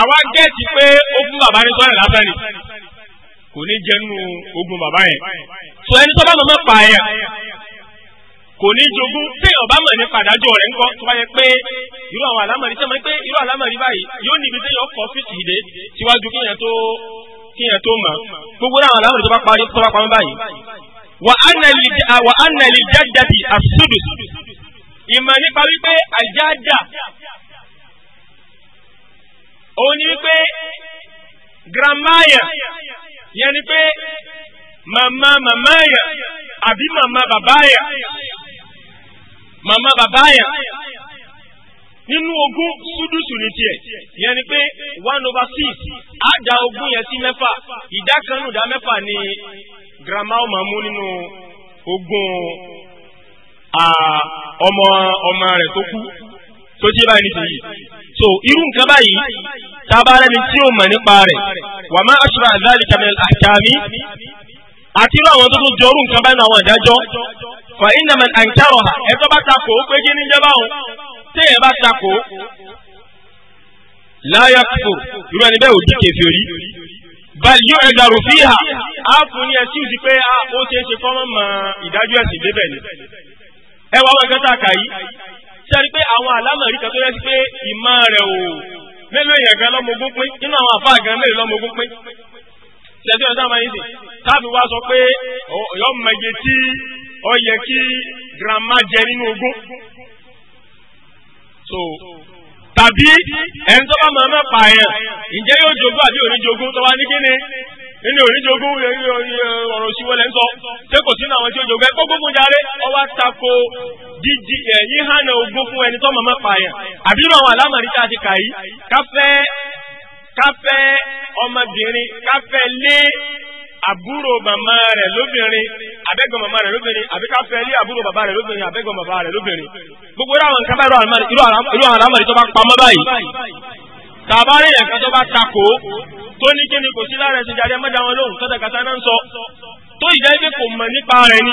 àwa gẹ́ẹ̀tì pé ó fún bàbá ní sọ́ọ̀lẹ̀ lásán ni kò ní jẹnu ogun bàbá yẹn. sọ ẹni tó bá mọ̀ mọ́ pa ẹ̀yà kò ní jogún pé ọba mọ̀ nípa àdájọ́ rẹ̀ ńkọ́ tó bá yẹ pé irú àwọn àlámọ̀rí sẹ́mọ́ pé irú àlámọ̀rí báyìí yóò níbi tí yóò kọ́ fíìsì ìdè síwájú kíyàn tó kíyàn tó mọ̀ gbogbo àwọn àlámọ̀rí tó bá parí tó bá pamọ́ báyìí. wà á nà lè jáde àti àsùdù ìmọ̀ nípa wípé àjájà òun ni wípé gramaya yẹn ni pé màmá màmá yà àbí màmá bàbá yà màmá bàbá yà nínú ogún sùdùsù ní tiẹ̀ yẹn ni pé one over six àdá ogún yẹn sí mẹ́fà ìdá kan nù dá mẹ́fà ni grandma ó máa mú nínú ogún ọmọ ọmọ rẹ̀ tó kú tó jẹ́ báyìí nítorí so irú nǹkan báyìí tábàárẹ̀ ni tí ó mọ̀ nípa rẹ̀ wà má aṣọ àdáàlì kàmẹ́lì àkàmì àti irú àwọn tó tún jọ irú nǹkan báyìí náà àwọn ìdájọ́ fa inamal ankaro ha ẹ̀tọ́ bá takò ó pé kí ní jẹ́ báwọn téèyàn bá takò láyà kò irú ẹni bẹ́ẹ̀ ò di kèfèrí báyìí yóò ẹgbà rò fíhà á fún ní ẹsùn sí pé ah, ó ṣeé ṣe kọ́ ìdájọ́ ẹ̀sìn débẹ̀ ni. ẹwà wá wọn kẹta kà yìí sẹ́ni pé àwọn àlámọ̀rí kan tó yẹ sí pé ìmọ̀ rẹ̀ ò mélòó yẹn gan lọ́mọgún pín nínú àwọn àfáà gan mélòó lọ́mọgún pín ṣẹ̀dí ọ̀dá máa ń sìn sọ pé ọ̀yọ́ tí yẹ kí grandma jẹ nínú ogún so tàbí ẹni tó bá yẹn ǹjẹ́ yóò jogún àbí òní jogún nínú oníjogún ọ̀rọ̀ òṣìwọlẹ̀ ń sọ ṣé kò sínú àwọn tí ó jogún ẹ kó gbógun járe ọwọ́ àtakò jíjí ẹ̀yìn hànà ogún fún ẹni tó mọ̀ pààyàn àbírò àwọn àlámọ̀rí tá a ti kà yìí káfẹ́ ọmọbìnrin káfẹ́ lé àbúrò màmá rẹ̀ lóbìnrin abẹ́gbọ̀n màmá rẹ̀ lóbìnrin àbí káfẹ́ lé àbúrò bàbá lóbìnrin abẹ́gbọ̀n bàbá lóbìnrin gbogbo irú àwọn nǹkan bá irú àwọn tó bá pamọ́ báyìí tàbá rẹ̀ yẹn kan tó bá takò tó ní kí ni kò sí lára ẹ̀sìn jáde mọ́jà wọn lóhùn kátàkátà náà ń sọ tó ìjẹ́ pé kò mọ̀ nípa rẹ̀ ni.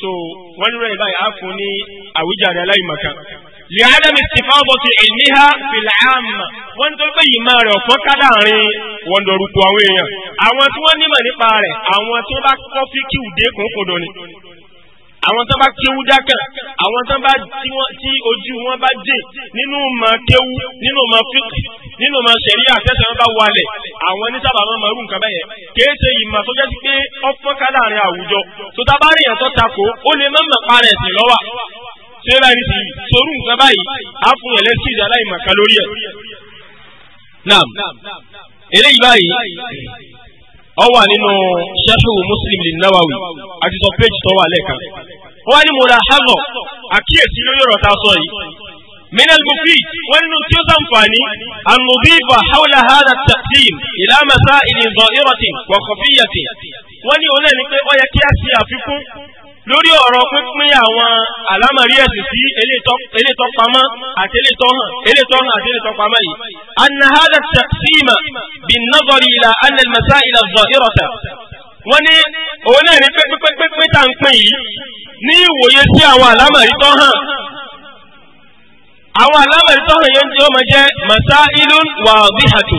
so wọ́n lórí ẹ̀ báyìí á fún ní àwíjàre aláìmọ̀kan. لعدم استفاضة علمها في العامة wọ́n tó pé yìí máa rẹ̀ ọ̀pọ̀ ká dáàrin wọ́n dọ̀rùkù àwọn èèyàn àwọn tí wọ́n nímọ̀ nípa rẹ̀ àwọn tí wọ́n bá kọ́ fíkì ù àwọn tó bá kéwú dákẹ́ àwọn tó bá tí ojú wọn bá dé nínú ma kéwú nínú ma fíkì nínú ma ṣẹ̀rí àtẹ́sẹ̀ wọn bá wálẹ̀ àwọn oníṣàbà máa ma rú nǹkan bẹ́yẹn kìí ṣe ìmọ̀ tó jẹ́ sí pé ọ̀fọ́n ká láàrin àwùjọ tó tá bá rí yẹn tó takò ó lè má mọ̀ parẹ̀ sí lọ́wà ṣé báyìí sì sorú nǹkan báyìí á fún yẹn lẹ́sìn ìdá láì màkà lórí ẹ̀. Naam eléyìí báyìí ó wà nínú sẹ́fù muslim lè náwàwì àti sọ péjì tó wà lẹ́ẹ̀kan ó wá ní mo ra hazọ àkíyèsí lórí ọ̀rọ̀ tá a sọ yìí minal mufid wọn nínú tí ó sàǹfààní ànùbíbà haúlà hàdà tàfsìn ìlànà sáà ìdìbò ìrọ̀tì wọ̀kọ̀fíyàtì wọn ní òun náà pé ó yẹ kí a ṣe àfikún lórí ọ̀rọ̀ pínpín àwọn àlámọ̀rí ẹ̀sìn sí elétọ́ pamọ́ àti elétọ́ hàn elétọ́ hàn àti elétọ́ pamọ́ yìí. anna hadha taqsima bin nazari ila anna al-masail adh-dhahirata. wọ́n ní òun náà ní pínpín tá ń pín yìí ní ìwòye sí àwọn àlámọ̀rí tó hàn. àwọn àlámọ̀rí tó hàn yóò máa jẹ́ masailun wadihatu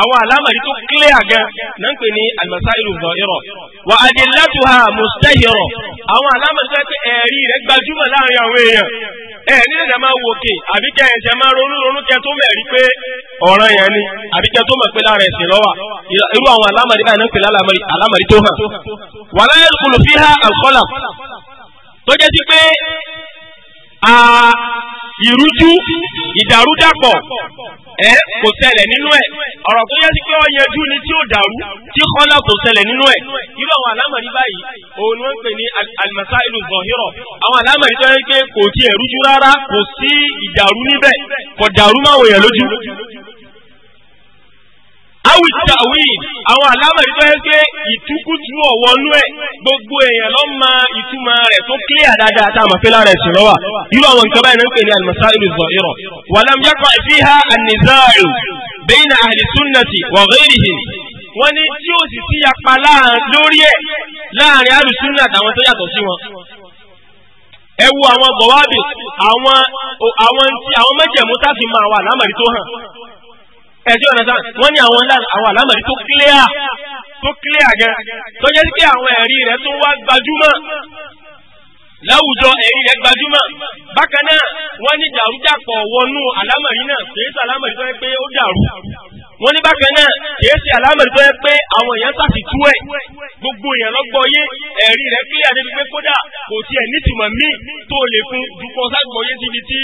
àwọn alámàrí tó clear gan náà ń pè ní almasailu zahira wa adillatuha mustahira àwọn alámàrí tó pé ẹ̀rí rẹ̀ gbajúmọ̀ láàrin àwọn èèyàn ẹ̀ nílẹ̀ dẹ̀ máa wòkè àbí kẹ́ ẹ̀ ṣẹ̀ máa ronú ronú kẹ́ tó mẹ̀rí pé ọ̀ràn yẹn ni àbí kẹ́ tó mọ̀ pé lára ẹ̀sìn lọ́wà irú àwọn alámàrí báyìí náà ń pè alámàrí tó hàn wa la yadkhulu fiha al-khalaf tó jẹ́ sí pé ìrújú ìdàrúdàpọ̀ ẹ kò ṣẹlẹ̀ nínú ẹ̀ ọ̀rọ̀ tó yẹ sí pé ó yanjú ni tí ó dàrú tí kọ́lá kò ṣẹlẹ̀ nínú ẹ̀ irú àwọn alámọ̀rí báyìí òun ni wọ́n ń pè ní al-masailu zahira àwọn alámọ̀rí tó yẹ pé kò tiẹ̀ rújú rárá kò sí ìdàrú níbẹ̀ kò dàrú máwòyàn lójú awi tàwí àwọn alámọ̀rí tó yẹ pé ìtukùtù ọ̀wọ́nú ẹ̀ gbogbo èèyàn ló ma ìtumọ̀ rẹ̀ tó clear dáadáa tá a mọ̀ pé lára ẹ̀sìn lọ́wọ́ irú àwọn nǹkan báyìí náà ń pè ní al-masā'il az-zā'ira wa lam yaqa' fīhā an-nizā'u bayna ahli sunnati wa ghayrihim wọ́n ní tí ó sì sí yapa lórí ẹ̀ láàrin ahli sunnah tó yàtọ̀ sí wọn ẹ wo àwọn bọ̀wábì àwọn àwọn mẹ́jẹ̀mú tá a fi mọ àwọn àlámọ̀rí tó hàn ẹ̀jẹ̀ ọ̀nà sáà wọ́n ní àwọn àwọn àlámọ̀rí tó clear tó clear gan tó yẹ kí àwọn ẹ̀rí rẹ̀ tó wá gbajúmọ̀ láwùjọ ẹ̀rí rẹ̀ gbajúmọ̀ bákan náà wọ́n ní dàrúdàpọ̀ wọnú àlámọ̀rí náà kì í sàlámọ̀rí tó yẹ pé ó dàrú wọ́n ní bákan náà kìí ṣe àlámọ̀ tó yẹ pé àwọn èèyàn sàfi tú ẹ̀ gbogbo èèyàn lọ́gbọ́ yé ẹ̀rí rẹ̀ kílẹ̀ níbi pé kódà kò tiẹ̀ nítumọ̀ míì tó lè fún dùkọ́ ságbọ́ yé síbi tí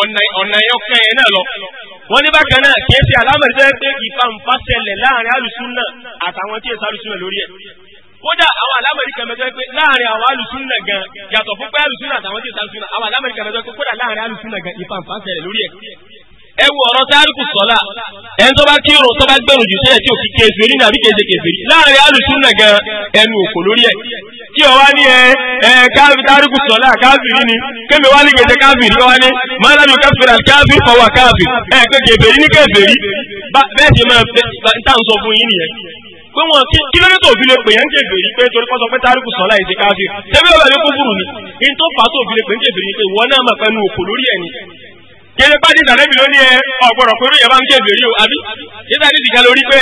ọ̀nà ẹ̀yọkẹ́ yẹn náà lọ. wọ́n ní bákan náà kìí ṣe àlámọ̀ tó yẹ pé ìfàǹfà ṣẹlẹ̀ láàrin alùsùnà àtàwọn tí èsì alùsùnà lórí ẹ̀ kódà àwọn alámọ̀rí kan mẹ́tọ́ pé láàrin àwọn alùsùnà gan yàtọ̀ fún pé alùsùnà àtàwọn tí èsì alùsùnà àwọn alámọ̀rí kan mẹ́tọ́ pé kódà láàrin alùsùnà gan ìfàǹfà ṣẹlẹ̀ lórí ẹ̀ ẹ wo ọ̀rọ̀ tárìkù sọ́lá ẹni tó bá kírun tó bá gbẹ̀rù jù sílẹ̀ tí ò fi kèfèrí ní àbí kèsè kèfèrí láàrin alùsùn náà gan ẹnu òkò lórí ẹ̀ kí ọ wá ní ẹ ẹ káfí tárìkù sọ́lá káfìrí ni kémi wá ní kèsè káfìrí ọ wá ní mọ́lábí káfìrí àti káfí ọwà káfí ẹ pé kèfèrí ní kèfèrí bẹ́ẹ̀ sì máa tá à sọ fún yín nìyẹn pé wọn kí lóríta òbí lè pè yẹn ń kèfèrí pé torí kọ́ pé tárìkù sọ́lá yìí ti káfí tẹ́bí ọ̀bẹ̀ mi kúkúrú ni ní tó fà á tó òbí lè pè ń kèfèrí ni pé ìwọ náà máa pẹnu òkò lórí ẹ̀ ni kéde pàdé ìsàlẹ́bì ló ní ẹ ọ̀gbọ̀rọ̀ pé yẹn bá ń kéde rí o àbí yíṣà ní ìdíkà lórí pé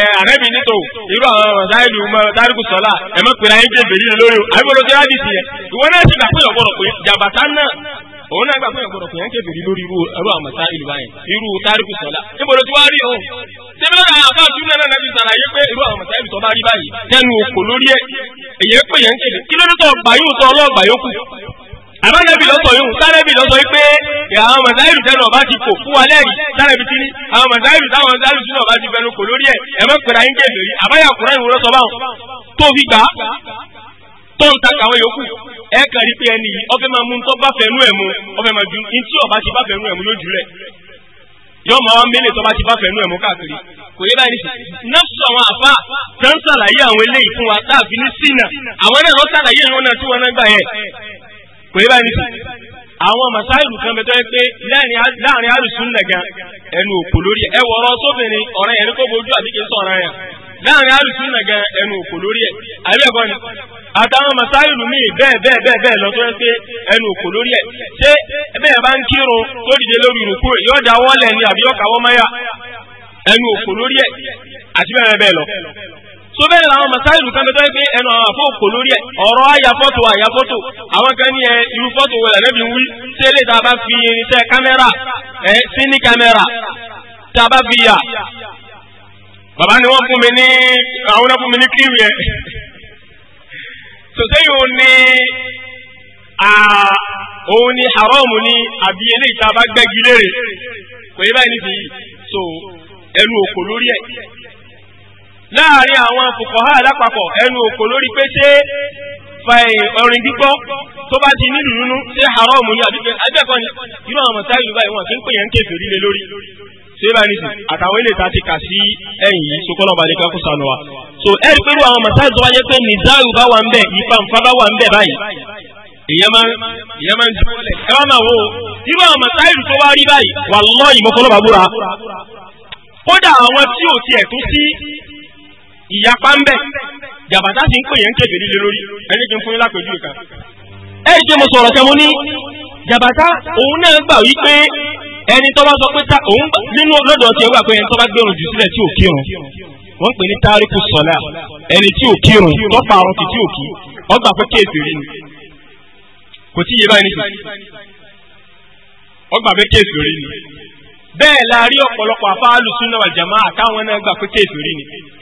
ẹ àrẹ́bì nítò irú àwọn sáyẹ̀lù sáyẹ̀lù sọ́lá ẹ mọ̀ pèrè ayé kéde rí lórí o àbí bọ́lọ́ sẹ́yà dìsì yẹn ìwọ náà sì gbà pé ọ̀gbọ̀rọ̀ pé jàbàtà náà òun náà gbà pé ọ̀gbọ̀rọ̀ pé yẹn kéde rí lórí irú àwọn mọ̀sá ìlú báyẹn irú sáyẹ̀lù sọ́lá níbolo tí wàá rí o sẹ́mi náà àwọn àti ìlú náà ti sàlàyé pé irú àwọn mọ̀sá ìlú tó bá rí báyìí tẹnu òkò lórí ẹ̀ èyí pé yẹn ń kéde kí ló àbájábì lọ́sọ̀ yóò sárẹ́bì lọ́sọ̀ yìí pé àwọn mọ̀sáìlù tẹ́nu ọba ti kò fún wa lẹ́rìí sárẹ́bì tí ní àwọn mọ̀sáìlù táwọn mọ̀sáìlù tẹ́nu ọba ti fẹnu kò lórí ẹ̀ ẹ̀ mọ̀ pẹ̀lú ayé ń gèlè rí àbáyà kúrẹ́ ìwúrọ́ sọ báwọn tó fi gbà á tó ń ta àwọn yòókù ẹ kàn rí pé ẹni yìí ọfẹ máa mú ń tọ́ bá fẹnu ẹ̀ mu ọfẹ máa ju ní tí ọba ti bá fẹnu ẹ̀ mu yóò jù lẹ̀ yóò máa wá mélè tó bá ti bá fẹnu ẹ̀ mú káàkiri kò yé báyìí nìṣẹ́ nọ́ọ̀sì àwọn àfa tó ń ṣàlàyé àwọn eléyìí fún wa táàfin ní sínà àwọn náà lọ́ ìwọ̀n náà tí wọ́n náà gbà yẹn kò yẹ báyìí nìkan àwọn masáìlù kan bẹ tó yẹ pé láàrin alùsùn nìkan ẹnu òkò lórí ẹ wọ̀rọ̀ sóbìnrin ọ̀ràn yẹn ní kó bojú àbí kì yẹn láàrin ẹnu òkò lórí ẹ ni àtàwọn masáìlù míì bẹ́ẹ̀ bẹ́ẹ̀ bẹ́ẹ̀ bẹ́ẹ̀ lọ tó yẹ pé ẹnu òkò lórí ẹ ṣé bẹ́ẹ̀ bá ń kírun tó dìde lórí ìrùkú tó bẹ́ẹ̀ làwọn masáìlú kan tó pé ẹnu àwọn àfọ́kò lórí ẹ̀ ọ̀rọ̀ àyàfọ́tò àyàfọ́tò àwọn kan ní ẹ irú fọ́tò wẹ̀ lẹ́bi wí tí eléyìí tá a bá fi irinṣẹ́ kámẹ́rà ẹ síní kámẹ́rà tá a bá fi yà bàbá ni wọ́n fún mi ní àwọn náà fún mi ní kírì ẹ̀ sọ̀tẹ́yìn ò ní òun ni haram ni àbí eléyìí tá a bá gbẹ́gi léèrè kò báyìí níbi yìí so ẹnu òkò lórí ẹ̀ láàrin àwọn fòkànhá alápapọ̀ ẹnu òkò lórí pé ṣé ọrin gbígbọ́ tó bá ti nílùú nínú ṣé haramu ní àdúgbò ẹgbẹ́kọ́ ni irú àwọn mọ̀tá ìlú báyìí wọn kì ń pè yẹn ń kéfèé líle lórí ṣé báyìí nìsín àtàwọn ilé ìta kà sí ẹ̀yìn yìí sokọ́nà ọba nìkan kó sànù wa. so ẹ rí pẹ̀lú àwọn mọ̀tá ìzọ́wá jẹ́ pé nìzáàrù bá wà ń bẹ̀ ìfàǹfà bá wà ń bẹ̀ báyìí ìyẹn máa ń jùlẹ̀ ẹ wá máa wo irú àwọn mọ̀tá ìlú tó wá rí báyìí wà lọ́yìn mọ́kànlọ́bàbúra kódà àwọn tí ò tiẹ̀ tó sí ìyapa ń bẹ jàbàtà sì ń pè yẹn ń kébè lórí ẹni fún yín lápẹjú ìka. ẹ ṣe mo sọ̀rọ̀ mo ní jàbàtà òun náà wípé ẹni tó bá sọ pé òun nínú lọ́dọ̀ tí ẹ gbà pé ẹni tó bá jù sílẹ̀ tí ò kírun wọ́n pè ní táríkù sọ̀lá ẹni tí ò kírun kí pé rí ni kò tí yé báyìí pé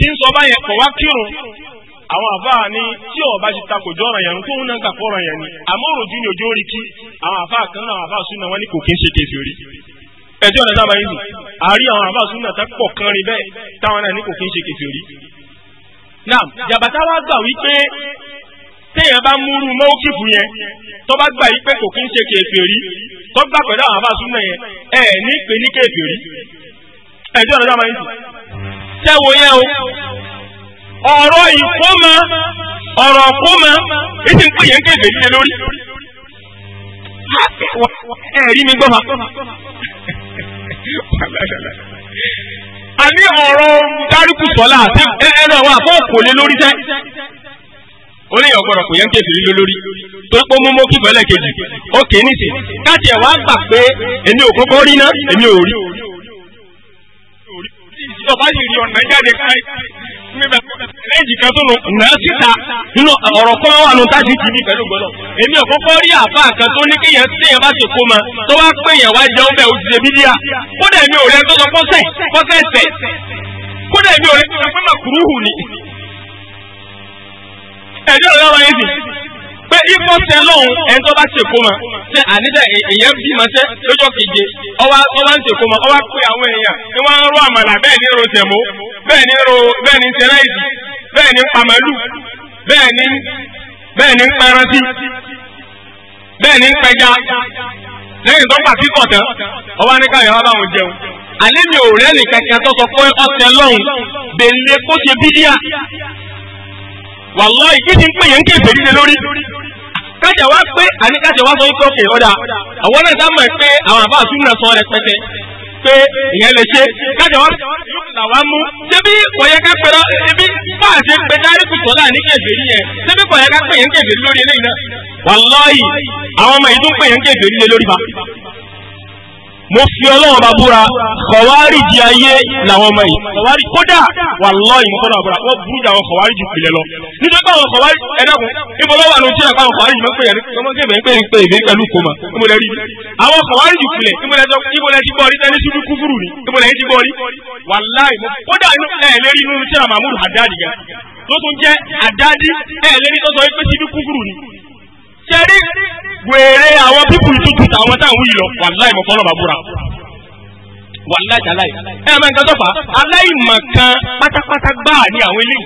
tí ń sọ báyẹn kọ̀ wá kírun àwọn àfáà ní tí ọba ti takò jọ ọ̀ràn yẹn tó ń náà kàkọ́ ọ̀ràn yẹn ni àmọ́ òròjú ni òjò orí kí àwọn àfáà kan náà àwọn àfáà súnà wọn ní kò kí ń ṣe kèfèrí ẹjọ́ ọ̀nà sábà yìí àárí àwọn àfáà súnà tá pọ̀ kan rí bẹ́ẹ̀ táwọn náà ní kò kí ń ṣe kèfèrí. nam jàbátá wa gbà wípé téèyàn bá múrú mọ́wókìfù yẹn tó bá gbà yìí pé kò kí ń ṣe kèfèrí tó gbà pẹ̀lú àwọn àfáà súnà yẹn ẹ̀ ní pè ní kèfèrí ẹjọ́ ọ̀nà sábà yìí tẹ́wò yẹn o ọ̀rọ̀ ìkómọ ọ̀rọ̀ kómọ ètò ń pè yẹn kéde líle lórí ẹ̀rí mi gbọ́ ma a ní ọ̀rọ̀ dárúkú sọ́lá àti ẹnu àwọn àfọ́ọ̀kò lé lórí sẹ́ oníyàn gbọ́dọ̀ kò yẹn kéde líle lórí torí pé ó mú mọ́kì fẹ́lẹ̀ kejì ó kéé nìsín káàtì ẹ̀ wá gbà pé èmi ò kókó rí ná èmi ò rí. ìjọba yìí rí ọ̀nà jáde ká méjì kan tó lò nà á síta èmi ò rí àfa kan tó ní kéèyàn téèyàn bá ṣe kó ma tó wá pé èèyàn wá jẹun bẹ́ẹ̀ òjijì bídíà kódà èmi ò rẹ tó sọ pọ́sẹ̀ pọ́sẹ̀ kódà èmi ò rẹ tó sọ pé hù ni pé ifọ̀ sẹ lọ́hùn ẹni tó bá ṣèkó ma ṣe èèyàn bí ma ṣe lọ́jọ́ keje ọba ọba ń ọba pé àwọn èèyàn ni wọ́n ń rọ àmàlà bẹ́ẹ̀ ni ro tẹ̀mó bẹ́ẹ̀ ni ro bẹ́ẹ̀ ni sẹ́ráìdì bẹ́ẹ̀ ni pàmẹ́lù bẹ́ẹ̀ ni bẹ́ẹ̀ ni ni pẹja lẹ́yìn tó kíkọ̀ jẹun mi ò rẹ́ nìkan sọ wàláì kí ti ń pè yẹn ń kéfèé líle lórí kájà wá pé àní kájà wá sọ yín kókè ọ̀dà àwọn náà sábà pé àwọn àbá àtúnà sọ rẹpẹtẹ pé ìyẹn lè ṣe kájà wá là wá mú débi kọ̀yẹ́ ká pé lọ ebi bá a ṣe pé dáríkù sọ́lá ní kèfèrí yẹn débi kọ̀yẹ́ ká pé yẹn ń kéfèé lórí eléyìí náà wàláì mo fi ọlọ́run bá búra kọ̀wárì di ayé làwọn ọmọ yìí kọ̀wárì kódà wallahi mo fọ́nà àbúrà wọ́n burú jà àwọn kọ̀wárì jù pilẹ̀ lọ nítorí pé àwọn kọ̀wárì ẹ̀dàkùn ibo lọ́wọ́ àlọ́ tí àwọn kọ̀wárì jù máa ń pè yàrá ọmọ kébẹ̀ ń pè ń pè èmi pẹ̀lú kòmà ìmọ̀lẹ̀ rí àwọn kọ̀wárì jù pilẹ̀ ìmọ̀lẹ̀ ti gbọ́ rí tẹ́lẹ̀ ṣubú kúfúrú ni ìmọ̀lẹ̀ ti gbọ́ rí wallahi kódà ẹ̀ẹ́lẹ́rí inú tí àwọn Mahmud Haddad gan tó tún jẹ́ Haddad ẹ̀ẹ́lẹ́rí tó sọ pé síbí kúfúrú ni tẹ́rí wèrè àwọn pípù ìtútù àwọn táwọn yìí lọ wàláì mọ̀ fọlọ́ bàbúrà wàláì tàláì ẹ máa ń kan tọ́fà aláìmọ̀kan pátápátá gbáà ni àwọn eléyìí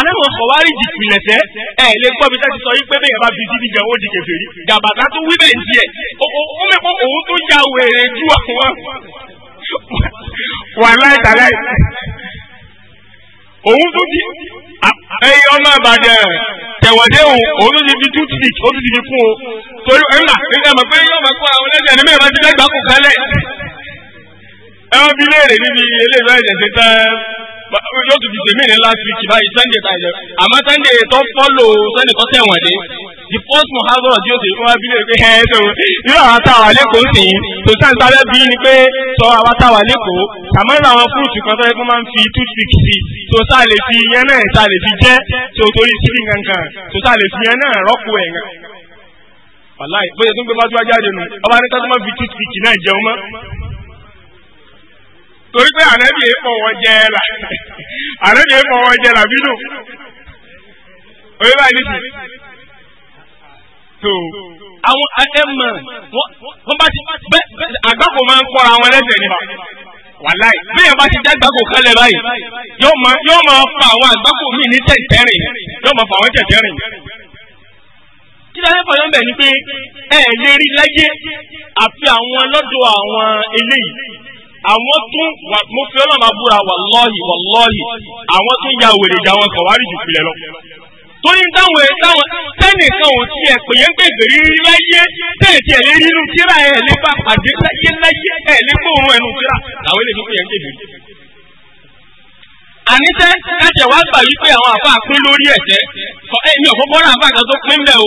aláwọn kọ̀wárí jì ìpìlẹ̀sẹ̀ ẹ lè gbọ́ mi tẹ́tí sọ yí pé bẹ́ẹ̀ bá fi dídí gan ó di kèfèrí gàbàtà tó wí bẹ́ẹ̀ díẹ̀ ó mẹ́kọ̀ọ́ òun tó ya wèrè ju àwọn wàláì tàláì òun tún ti ẹyẹ ọmọ Ìbàdàn tẹ̀wọ̀dé òun òun tún ti fi two six ó ti fi kún o torí ẹ̀ńdà ẹ̀ńdà mọ̀ pé yóò máa kó àwọn ẹlẹ́sẹ̀ ní mẹ́rin máa ti fẹ́ gbà kó kálẹ̀ ẹ̀wọ̀n bí léèrè níbi eléyìí yóò tún fi sèmí ní last week báyìí sunday ta ìjọ àmọ́ sunday tó fọ́lọ̀ sunday tó tẹ̀wọ̀n dé the first muhammadu tí ó sì fún wa bílẹ̀ pé ẹ ṣe o irú àwọn táwa lẹ́kọ̀ọ́ sì I tó sáà ń sábẹ́ bí ni pé sọ àwọn táwa lẹ́kọ̀ọ́ àmọ́ ní àwọn fúrúùtù kan tó yẹ kó máa ń fi toothpick sí tó sáà lè fi yẹn náà sáà lè fi jẹ́ tó torí sílí kankan tó sáà lè fi yẹn náà rọ́pò ẹ̀ wàláì bóyá tó ń gbé bá tó wá jáde ọba ní tó fi toothpick náà jẹun mọ́ torí pé ànábì yìí pọ̀ wọ́n jẹ́ là ànábì yìí pọ̀ wọ́n jẹ́ là bínú oye báyìí nìsí tó àwọn ẹmọ wọn bá ti bẹ àgbákò máa ń kọ́ra àwọn ẹlẹ́sẹ̀ nípa wàláì bẹ́ẹ̀ bá ti dágbàgbò kalẹ̀ báyìí yóò máa yóò máa fa àwọn àgbákò mi ní tẹ̀tẹ̀rìn yóò máa fa àwọn tẹ̀tẹ̀rìn. kí ló ń fọyọ́ ń bẹ̀ ni pé ẹ lè rí láyé àfi àwọn lọ́dọ̀ àwọn eléyìí àwọn tún mo fi ọlọ́run máa búra wàlọ́ọ̀hì wàlọ́ọ̀hì àwọn tún ya òwèrè ìjà wọn kọ̀wárì jù kulẹ̀ lọ. torí táwọn táwọn tẹ́nìkan ò tiẹ̀ pè é ń pè gbèrè rí láyé tẹ́ẹ̀tì ẹ̀ lé nínú tíra ẹ̀ lé bá pàdé láyé láyé ẹ̀ lé gbóòórùn ẹnu tíra làwọn ènìyàn pè é ń pè gbèrè. àníṣe kájẹ̀ wá gbà wípé àwọn àfa pín lórí ẹ̀jẹ̀ ẹ̀ mi ò kọ́kọ́ rà àfa kan tó pín bẹ́ẹ̀ o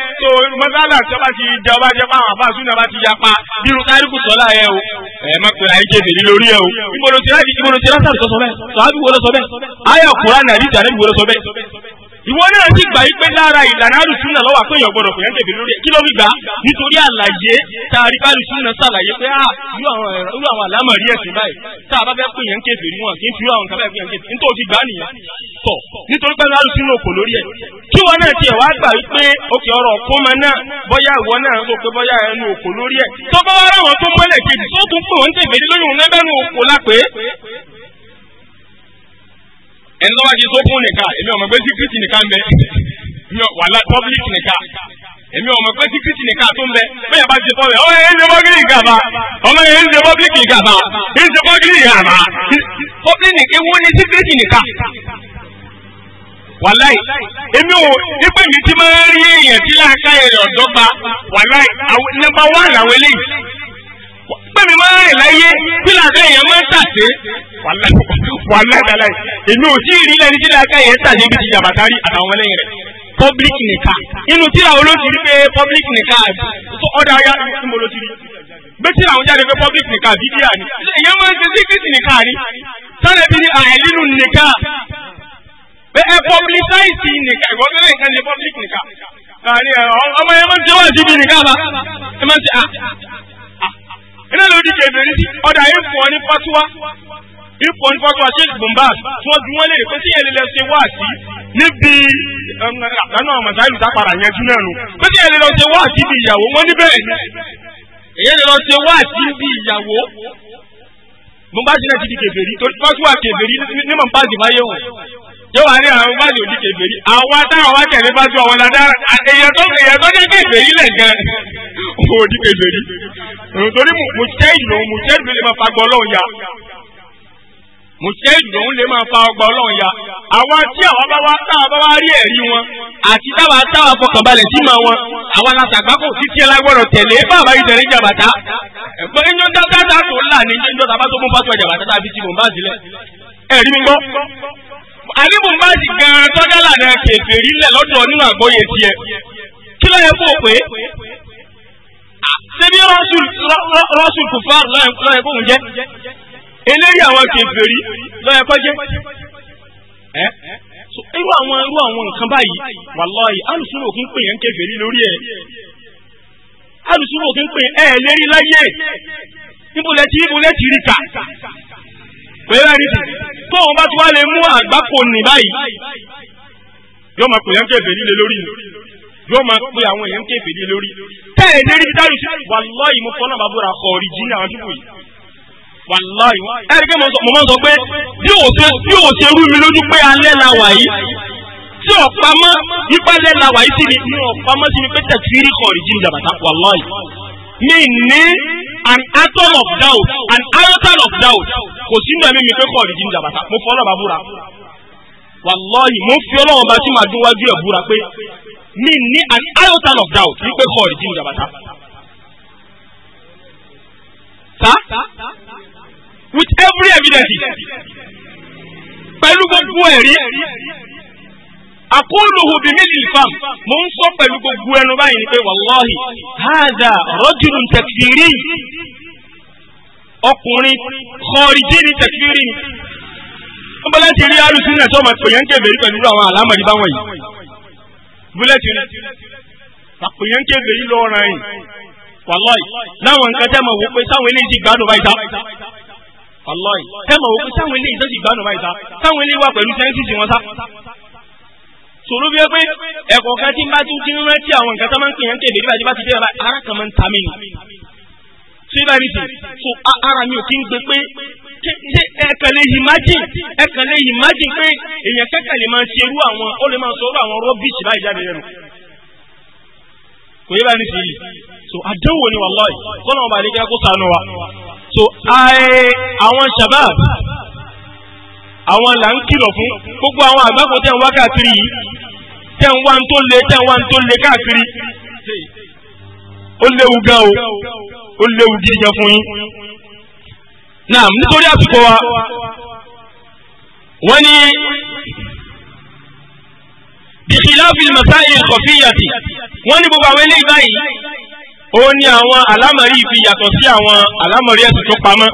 so mọ́sálà tí wọ́n bá ti jẹ ọba jẹ́ fáwọn àfa súnà bá ti yapa bírun káríkù sọ́lá yẹ o ẹ má pe àyè jẹsẹ̀ ní lórí ẹ o ìbòlòtì láti ìbòlòtì lásàrò sọ sọ bẹ́ẹ̀ sọ ìwọ náà ti gbà yí pé lára ìlànà àlùsùnà lọ́wọ́ àpéyàn gbọ́dọ̀ pè é tèbi lórí kí ló fi gbà nítorí àlàyé tá a rí bá àlùsùnà ṣàlàyé pé ah, irú àwọn àlámọ̀ rí ẹ̀sìn báyìí tá a bá fẹ́ pè yẹn ń kéfì níwọ̀n kí n fi irú àwọn kábàáyé pè yẹn ń kéfì nítorí ti gbà nìyẹn tọ̀ nítorí pé àlùsùnà kò lórí ẹ̀ kí wọn náà tiẹ̀ wá gbà yí pé òkè ọ̀rọ̀ kọ́mọ náà bóyá ìwọ náà sọ pé bóyá ẹnu òkò lórí ẹ̀ tọ́ bá wá ráwọn tó mọ́lẹ̀ kejì tó tún pè wọ́n tèbè lórí òun náà bẹ́ẹ̀ ẹni tó bá ti sókun nìka èmi ọmọ pé síkírìtì nìka ń bẹ wàhálà pọ́bílíkì nìka èmi ọmọ pé síkírìtì nìka tó ń bẹ bẹ́ẹ̀ bá ti sọ bẹ́ẹ̀ ọmọ yẹn ń ṣe pọ́bílíkì gàba ọmọ yẹn ń ṣe pọ́bílíkì gàba ń ṣe pọ́bílíkì gàba pọ́bílíkì ewu ni síkírìtì nìka wàláì èmi ò nígbà mi ti máa ń rí èèyàn tí láàká ẹ̀rọ ọ̀dọ́gba wàláì nọ́mbà wà láwọn eléyìí pẹ̀mí máa ń rìn láyé kí làákà yẹn máa ń tàṣe. wàhálà ìdálẹ́ èmi ò tí ì rí lẹ́ni tí làákà yẹn tàṣe bí ti jàbàtàrí àtàwọn ẹlẹ́yìn rẹ̀ public nìka inú tíra olóṣèlú pé public nìka tó ọ̀dà ayá ìmọ̀ olóṣèlú gbèsè àwọn jáde pé public nìka bídíà ni èèyàn máa ń ṣe síkírìtì nìka ni sáré bí àìlínú nìka pé ẹ publicize nìka ìwọ́sẹ̀ lẹ́yìn kan ní public nìka ọmọ iná ló di kèbèrè sí ọ̀dà ìfọ̀ ní fatuwa ìfọ̀ ní fatuwa sheikh bombaz tí wọ́n bí wọ́n lè pèsè yẹn lè lọ ṣe wá sí níbi um, àgbàna àwọn màsáìlú tápàrà yẹn jù náà nù pèsè yẹn lè lọ ṣe wá sí ibi ìyàwó wọ́n ní ni èyẹ lè lọ ṣe wá sí ibi ìyàwó bombaz náà ti di kèbèrè tó fatuwa kèbèrè ní mọ̀npáàzì báyé wọn yóò wá rí àwọn bá yòó di kèfèrí àwa táwọn wá tẹ̀lé bá ju àwọn dáadáa èèyàn tó èèyàn tó jẹ́ kèfèrí lẹ̀ gan ò di kèfèrí nítorí mo jẹ́ ìlú mo jẹ́ ìlú lè máa fa gbọ́ ọlọ́run ya mo jẹ́ ìlú òun lè máa fa ọgbà ọlọ́run ya àwa tí àwa bá wá táwa bá wá rí ẹ̀rí wọn àti táwa táwa fọkànbalẹ̀ sí ma wọn àwa la sàgbákò títí ẹ lágbọ́dọ̀ tẹ̀lé bàbá yìí tẹ̀lé jàbàtà ẹ̀gbọ́n ẹ̀yọ́ dáadáa tó ń là ní ẹ̀yọ́ tàbá tó mú pásọ̀ jàbàtà tàbí tí mò ń bá sílẹ̀ ẹ̀rí mi gbọ́ ayébò bụ ti gan tọ́jà lànà kèfèrí lẹ̀ lọ́dọ̀ nínú àgbóyè kí ló yẹ kó pé ṣebí rọ́ṣùl kùfàr lọ́yẹ kó ń jẹ́ eléyìí àwọn kèfèrí lọ́yẹ irú àwọn irú àwọn nǹkan báyìí alùsùn pẹ̀lú ẹ̀rí sí tó wọn bá ti wá lè mú àgbákò nì báyìí yóò máa pè yẹn kébè líle lórí yóò máa pè àwọn èèyàn kébè líle lórí tẹ́ ẹ̀ lérí ti dárò sí wàláì mo fọ́nà bàbúrà ọ̀rì jí ní àwọn pípò yìí wàláì ẹ̀rí pé mo máa sọ pé bí ò ṣe rú mi lójú pé alẹ́ la wà yìí tí ọ̀pamọ́ nípa alẹ́ la wà yìí sí ni ọ̀pamọ́ sí ni pé tẹ̀síìrì kọ̀ọ̀rì jí mi ní an atom of doubt an atom of doubt kò sínú ẹ̀mí mi pé kọ́ ọ̀rìjì ń jàbàtà mo fọ́ ọlọ́ba búra wàlọ́ọ̀yì mo fi ọlọ́wọ́n bá tí màá dún wájú ẹ̀ búra pé mi ní an iota of doubt wípé kọ́ ọ̀rìjì ń jàbàtà. sa with every evidence pẹ̀lú gbogbo ẹ̀rí akóluhu bimili fam mo ń sọ pẹ̀lú gbogbo ẹnu báyìí ni pé wàlọ́hì hàdà rọ́jùlù tẹ̀kìrì ọkùnrin kọ́ọ̀rìjì ni tẹ̀kìrì ni. wọ́n bá rí alùsùn náà sọ́mọ pé yẹn ń kébèrè àwọn báwọn yìí. búlẹ̀tì yẹn ń kébèrè yìí nǹkan tẹ́ mọ̀ wò pé sáwọn eléyìí ti gbádùn báyìí tẹ́ mọ̀ wò sòrò bí wọ́n pé ẹ̀kọ́ kan tí n bá tún ti rántí àwọn nǹkan tó máa ń pè yàn kéde nígbà tí bá ti dé ọba ara kan máa ń ta mí nù ṣé bá rí sè so ara mi ò kí ń gbé pé ṣe ẹ̀kan lè imagine ẹ̀kan lè imagine pé èèyàn kẹ́kẹ́ lè máa ṣerú àwọn ó lè máa sọ̀rọ̀ àwọn rọ́bìṣì báyìí jáde lẹ́nu kò yé bá rí sè yìí so àdéhùn ni wàlláhì kọ́nà ọba àdékẹ́ àwọn là ń kìlọ̀ fún gbogbo àwọn àgbákò tẹ̀ ń wá káàkiri yìí tẹ̀ ń wá ń tó le tẹ̀ ń wá ń tó le káàkiri ó léwu gan o ó léwu gidi gan fún yín náà nítorí àsìkò wa wọ́n ní bìkìláfì masáyì kọfíyàtì wọ́n ní gbogbo àwọn eléyìí báyìí ó ní àwọn alámọ̀rí fi yàtọ̀ sí àwọn alámọ̀rí ẹ̀sìn tó pamọ́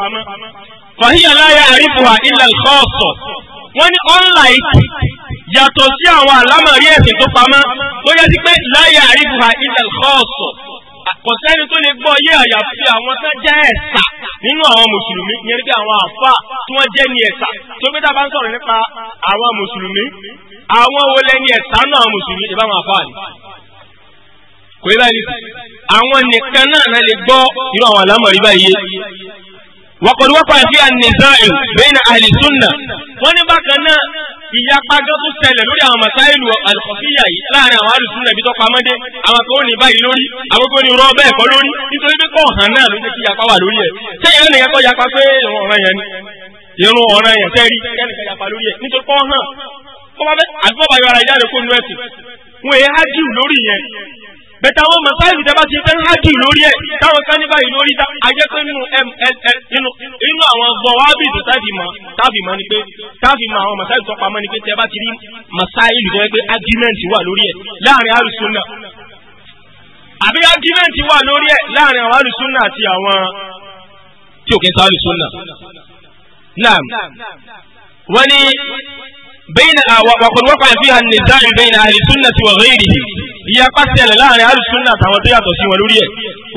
fàhíyà láyà àrífùhà ilẹ̀ ìkọ́ọ̀sọ̀ wọ́n ní unlike yàtọ̀ sí àwọn àlámọ̀rí ẹ̀sìn tó pamọ́ tó yẹ sí pé láyà àrífùhà ilẹ̀ ìkọ́ọ̀sọ̀ kò sẹ́ni tó lè gbọ́ yé àyàfi àwọn tó jẹ́ ẹ̀sà nínú àwọn mùsùlùmí yẹn bí àwọn àfa tí wọ́n jẹ́ ní ẹ̀sà tó gbé dábàá ń sọ̀rọ̀ nípa àwọn mùsùlùmí àwọn wo lẹ́ni ẹ̀sà náà àwọn mùsùlùmí ìbá àwọn àfa ni. kò yẹ báyìí àwọn nìkan náà lè gbọ́ irú àwọn àlámọ̀rí báyìí wọ́kọ̀dù wọ́pọ̀ àti ànìzáì bẹ́ẹ̀ni àlìsúnà wọ́n ní bákan náà ìyapa gan tó ṣẹlẹ̀ lórí àwọn masáìlú àlùkọ́fíyà yìí láàrin àwọn àlùsúnà ibi tó pamọ́dé àwọn kan ò ní báyìí lórí àwọn kan ò ní rọ bẹ́ẹ̀ lórí bẹ̀tẹ̀ àwọn masáìlì tẹ́ bá ti fẹ́ ágì lórí ẹ̀ táwọn kan ní báyìí lórí ajẹ́ pé nínú inú àwọn bọ̀wábì tó tábì mọ́ tábì mọ́ ni pé tábì mọ́ àwọn masáìlì tó pamọ́ ni pé tẹ́ bá ti rí masáìlì tó yẹ pé ágímẹ́ǹtì wà lórí ẹ̀ láàrin alùsùnà àbí ágímẹ́ǹtì wà lórí ẹ̀ láàrin àwọn alùsùnà àti àwọn tí òkè sá alùsùnà. naam wọ́n ní. بين وقد وقع فيها النزاع بين أهل السنة وغيرهم هي قتل لها أهل السنة وطيعة سيولورية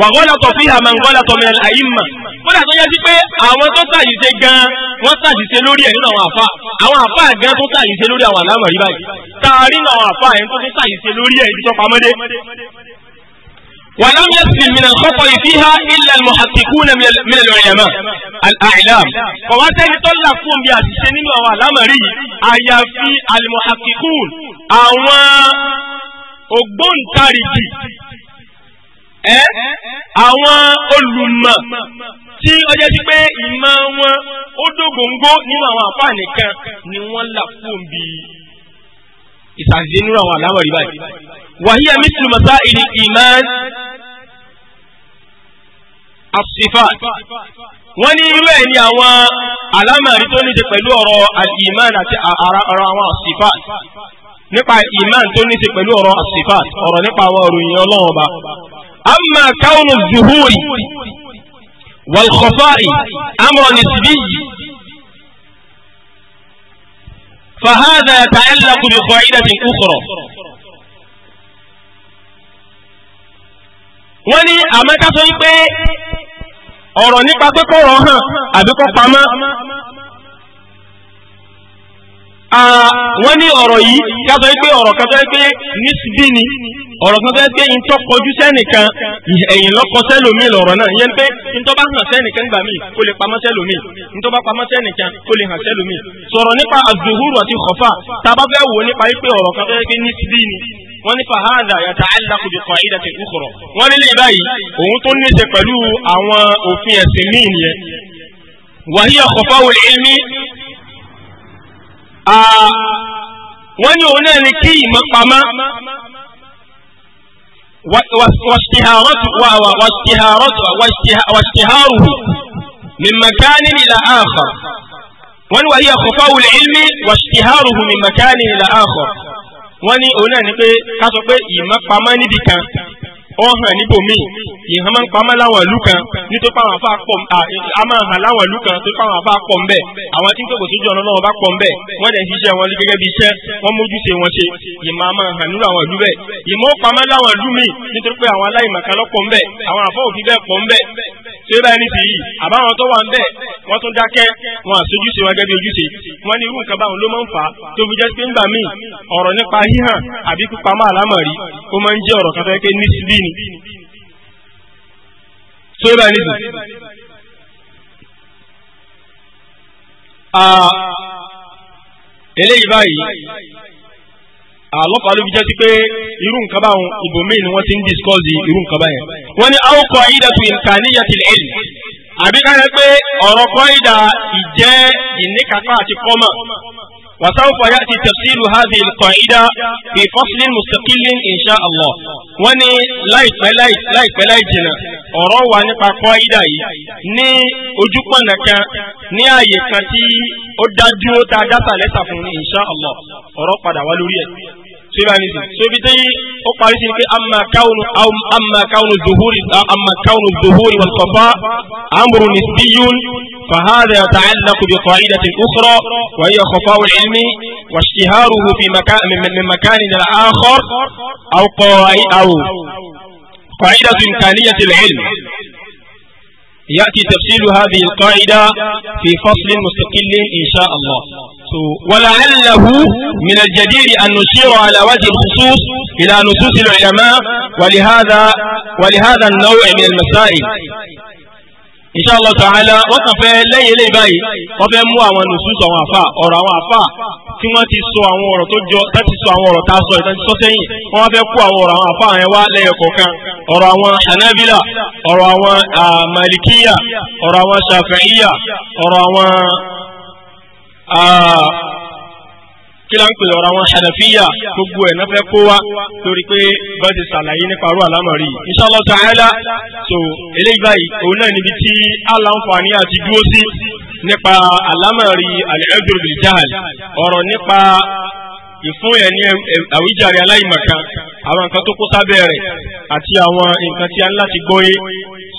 وغلط فيها من غلط من الأئمة ولا تجد pé àwọn tó ṣàṣìṣe gan wọ́n ṣàṣìṣe lórí ẹ̀ nínú àwọn àfa àwọn àfa gan tó ṣàṣìṣe lórí àwọn àlámọ̀ rí báyìí tá a rí nínú àwọn àfa yẹn tó ṣàṣìṣe lórí ẹ̀ ibi tó pamọ́ dé ولم يسلم من الخطأ فيها إلا المحققون من العلماء الأعلام فواتني طلع فون بها سنين وعلام ري أيا في المحققون أو ògbóǹtarìgì ẹ àwọn olùmọ̀ tí ọjọ́ sí pé ìmọ̀ wọn ó dógóńgó nínú àwọn àǹfààní kan ni wọ́n là fún bí ìsàzínú àwọn àlámọ̀ rí báyìí wàhíyà mísìlùmọ̀sá ìrìn ìmọ̀ asifa wọ́n ní irú ẹ̀ ní àwọn alámàrí tó ní ṣe iman àti ara àwọn asifa nípa iman tó ní ṣe pẹ̀lú ọ̀rọ̀ asifa ọ̀rọ̀ nípa àwọn òròyìn ọlọ́run ọba amma kaunu zuhuri wal khafai amran nisbi فهذا يتعلق بقاعدة أخرى wọ́n ní àmọ́ ká sọ wípé ọ̀rọ̀ nípa pé kọ̀rọ̀ hàn àbí a pamọ́ wọ́n ní ọ̀rọ̀ yìí kátó pé ọ̀rọ̀ kátó pé nísìbí ni ọ̀rọ̀ kátó yìí pé kọjú sẹ́nìkan ẹ̀yìn lọ́kọ̀ sẹ́lòmí lọ̀rọ̀ náà ìyẹn pé ìtọ́ bá hàn sẹ́nìkan gbà mí kó lè pamọ́ sẹ́lòmí ìtọ́ bá pamọ́ sẹ́nìkan kó lè hàn sẹ́lòmí sọ̀rọ̀ nípa az àti khafa tá a bá fẹ́ wò wọ́n ní fahadà yàtà alákùbí kọ ìdàtẹ̀ ìkọ̀rọ̀ wọ́n nílé báyìí òun tó ní ṣe pẹ̀lú àwọn òfin ẹ̀sìn míì nìyẹn wàhí ọ̀kọ̀fà wò lè mí wọ́n ní òun náà ní kí ìmọ̀ pamọ́ wàṣtiharuhu min makanin ila wọ́n ní wàhí ọ̀kọ̀fà wò lè mí wàṣtiharuhu min makanin ila akhar wọ́n ní òun náà ni pé ká sọ pé ìmọ̀pamọ́ níbi kan ọ̀hàn níbòmíì ìhàn máa ń pamọ́ láwọn ìlú kan nítorí pàwọn afá pọ̀ a máa hàn láwọn ìlú kan tó pàwọn afá pọ̀ ńbẹ̀ àwọn tí ń tòkòtò jọ ọ̀nà náà bá pọ̀ ńbẹ̀ wọ́n dẹ̀ ṣiṣẹ́ wọn gẹ́gẹ́ bí iṣẹ́ wọ́n mójúṣe wọn ṣe ìmọ̀ a máa hàn nínú àwọn ìlú bẹ́ẹ̀ ìmọ̀ ó pamọ́ láwọn ìlú míì nítorí pé àwọn aláìmọ̀kan lọ́pọ̀ ńbẹ̀ àwọn àfọ́ òfin bẹ́ẹ̀ pọ̀ ńbẹ̀ ṣé bá ẹni sì àbáwọn tó wà ń bẹ̀ wọ́n tún dákẹ́ wọn àṣojúṣe wọn gẹ́gẹ́ ojúṣe wọn ní irú nǹkan báwọn ló máa ń fà á tó fi jẹ́ pé ńgbà míì ọ̀rọ̀ nípa híhàn àbí pípamọ́ àlámọ̀rí ó máa ń jẹ́ ọ̀rọ̀ kan fẹ́ pé nísìbí ni so yóò bá yẹn nísìn. Ah, eléyìí báyìí àlọ́pàá ló fi jẹ́ sí pé irú nǹkan báwọn ibòmíì ni wọ́n ti ń discọ́sì irú nǹkan báyẹn. wọ́n ní àwòkọ́ ìdàtú imkaniyatil ilm àbí ká yẹ pé ọ̀rọ̀ kọ́ ìdà ìjẹ́ ìníkàtà àti kọ́mà وسوف يأتي تفسير هذه القاعدة في فصل مستقل إن شاء الله وني لايت لايت لايت لايتنا ọ̀rọ̀ wà nípa kọ́ídà yìí ní ojúpọ̀nà kan ní ààyè kan tí ó dájú ó ta dátà lẹ́sà fún insha Allah ọ̀rọ̀ padà wá lórí ẹ̀. síbáni sí sóbi tí ó parí sí pé amma kaunu amma kaunu zuhuri amma kaunu zuhuri wal kọfà amuru nisbiyun fahadà yata'allaqu bi qa'idatin ukhra wa hiya khafa'u ilmi wa ishtiharuhu fi makan min makanin al-akhar aw qa'i aw qa'idatu imkaniyati al-ilm يأتي تفصيل هذه القاعدة في فصل مستقل إن شاء الله ولعله من الجدير أن نشير على وجه الخصوص إلى نصوص العلماء ولهذا ولهذا النوع من المسائل إن شاء الله تعالى وقفه لي لي باي وقفه مو àwọn nusus àwọn afa ọ̀rọ̀ àwọn afa tí wọ́n ti sọ àwọn ọ̀rọ̀ tó jọ tá ti sọ àwọn ọ̀rọ̀ tá sọ ìtàn ti sọ sẹ́yìn wọ́n fẹ́ kó àwọn ọ̀rọ̀ àwọn afa yẹn wá lẹ́yọ kọ̀ọ̀kan ọ̀rọ̀ àwọn hanabila ọ̀rọ̀ àwọn ah, malikiya ọ̀rọ̀ àwọn shafi'iya ọ̀rọ̀ àwọn Ah, kílá ń pè ọ̀rọ̀ àwọn Hanafiya gbogbo ẹ̀ náfẹ́ kó wá torí pé bẹ́ẹ̀ ti ṣàlàyé nípa arú àlámọ̀rí Insha Allah Ta'ala so eléyìí báyìí òun náà níbi tí aláǹfààní àti dúró sí nípa àlámọ̀rí al-'udhr bil-jahl ọ̀rọ̀ nípa ìfún ẹ̀ ní àwíjàre aláìmọ̀kan àwọn nǹkan tó kó sábẹ́ rẹ̀ àti àwọn nǹkan tí a ń láti gbọ́yé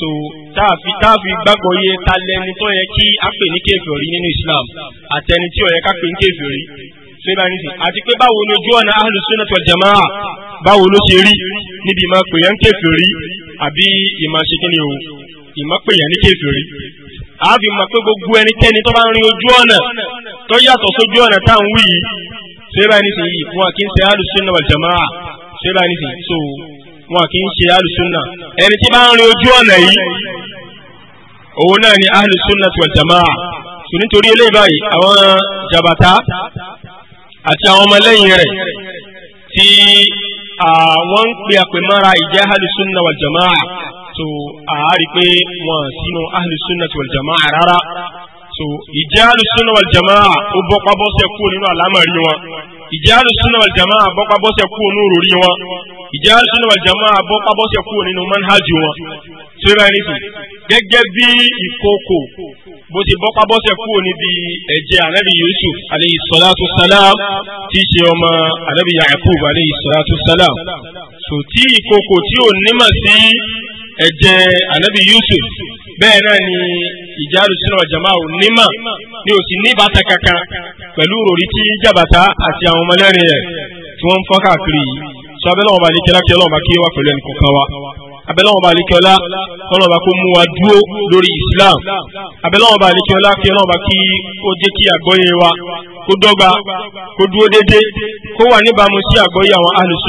so táàfi táàfi gbàgbọ́ yé ta lẹni tó yẹ kí a pè ní kèfèrí nínú Islam àtẹni tí ó yẹ ká pè ní kèfèrí ṣé bá ní sè àti pé báwo ni ojú ọ̀nà Ahlus Sunnah wal Jamaa báwo ló ṣe rí níbi ìmọ̀ pè yẹn kèfèrí àbí ìmọ̀ ṣe kí ni o ìmọ̀ pè yẹn ní kèfèrí àfi mọ̀ pé gbogbo ẹnikẹ́ni tó bá ń rin ojú ọ̀nà tó yàtọ̀ sójú ọ̀nà táwọn wí yìí ṣé sè yìí wọn kì í ṣe Ahlus Sunnah wal sè so wọn kì í ṣe alùsùnà ẹni tí bá ń rin ojú ọ̀nà yìí òun náà ni alùsùnà tó jàmáà sùn nítorí eléyìí báyìí àwọn jàbàtà àti àwọn ọmọlẹ́yìn rẹ̀ tí àwọn ń pe àpèmọ́ra ìjẹ́ alùsùnà wà jàmáà tó àárí pé wọn sínú alùsùnà tó jàmáà rárá tó ìjẹ́ alùsùnà wà jàmáà ó bọ́ pábọ́sẹ̀ kúrò nínú àlámọ̀rí wọn ìjà alùsùnà wal jamaa àbọ́pábọ́sẹ̀ kúrò ní òròrí wọn ìjà alùsùnà wal jamaa àbọ́pábọ́sẹ̀ kúrò nínú manhajú wọn síra ẹni sùn gẹ́gẹ́ bí ìkókò bó ti bọ́pábọ́sẹ̀ kúrò níbi ẹ̀jẹ̀ anabi yusuf aleyhi salatu salam tí í ṣe ọmọ anabi yaakub aleyhi salatu salam so tí ìkókò tí ò nímọ̀ sí ẹ̀jẹ̀ anabi yusuf bẹ́ẹ̀ náà ni ìjà alùsùnà wal ò nímọ̀ ni ò sì ní ìbátan pẹ̀lú òròrí tí jàbàtà àti àwọn ọmọlẹ́rin rẹ̀ tí wọ́n ń fọ́n káàkiri yìí sọ abẹ́lẹ́ wọn bá kí ọlọ́run kí wá pẹ̀lú ẹnì kọ̀ọ̀kan wa abẹ́lẹ́ wọn bá lè kẹ́lá kọ́lọ́run bá kó mú wa dúró lórí Islam abẹ́lẹ́ wọn bá lè kẹ́lá kí ọlọ́run bá kí ó jẹ́ kí àgbọ́yé wa kó dọ́gba kó dúró déédéé kó wà níbàámu sí àgbọ́yé àwọn Ahlus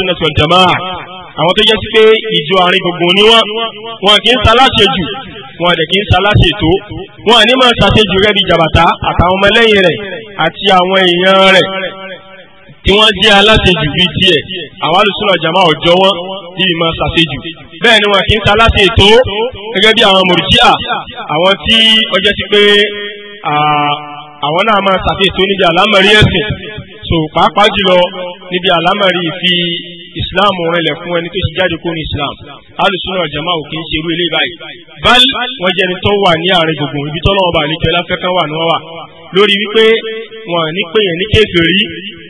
àwọn tó jẹ́ sí pé ìjọ àárín gbogbo ni wọ́n wọn kì í ṣaláṣe jù wọn dẹ̀ kì í ṣaláṣe tó wọn ní máa ṣàṣejù rẹ̀ bí jàbàtà àtàwọn ọmọlẹ́yìn rẹ̀ àti àwọn èèyàn rẹ̀ tí wọ́n jẹ́ aláṣejù bíi tiẹ̀ àwọn alùsùnà jàmá ọ̀jọ́ wọn bíi máa ṣàṣejù bẹ́ẹ̀ ni wọn kì í ṣaláṣe tó gẹ́gẹ́ bí àwọn mùrìjíà àwọn tí ọjọ́ sí pé àwọn náà máa ṣàṣejù níbi àlámọ̀rí ẹ̀sìn so pàápàá jùlọ níbi àlámàrí fi islam rinlẹ̀ fún ẹni tó ṣe jáde kó ní islam alùsùn náà jama ò kí ń ṣe irú ilé báyìí báyìí wọ́n jẹ́ ẹni tó wà ní àárín gbùngbùn ibi tọ́lọ́ ọba àlejò ẹláfẹ́kán wà ní wọ́n wà lórí wípé wọn ní pé yẹn ní kéferì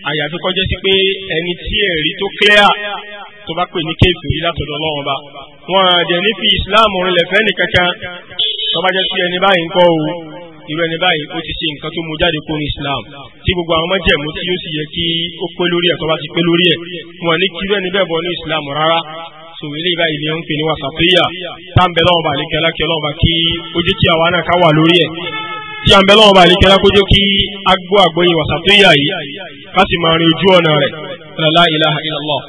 àyàfi kọjá sí pé ẹni tí ẹ̀rí tó clear tó bá pè ní kéferì látọ̀dọ̀ ọlọ́wọ́n ba wọn àdẹ̀ ní fi islam rinlẹ̀ fẹ́ nìkankan tó bá jẹ́ sí ẹni báyìí ń kọ́ irú ẹni báyìí ó ti ṣe nǹkan tó mú jáde kó ní Islam tí gbogbo àwọn mọ́jẹ̀mú tí ó sì yẹ kí ó pé lórí ẹ̀ tó bá ti pé lórí ẹ̀ wọn ní kí irú ẹni bẹ́ẹ̀ bọ́ ní Islam rárá so ilé ìbáyìí ni ó ń pè ní wasatiyya tá ń bẹ lọ́wọ́ bàálí kẹlá kí ọlọ́wọ́ bá kí ó jẹ́ àwa náà ká wà lórí ẹ̀ tí à ń bẹ lọ́wọ́ bàálí kẹlá kó kí agbó àgbóyin wasatiyya yìí ká sì máa rin ojú ọ̀nà rẹ̀ la ilaha illallah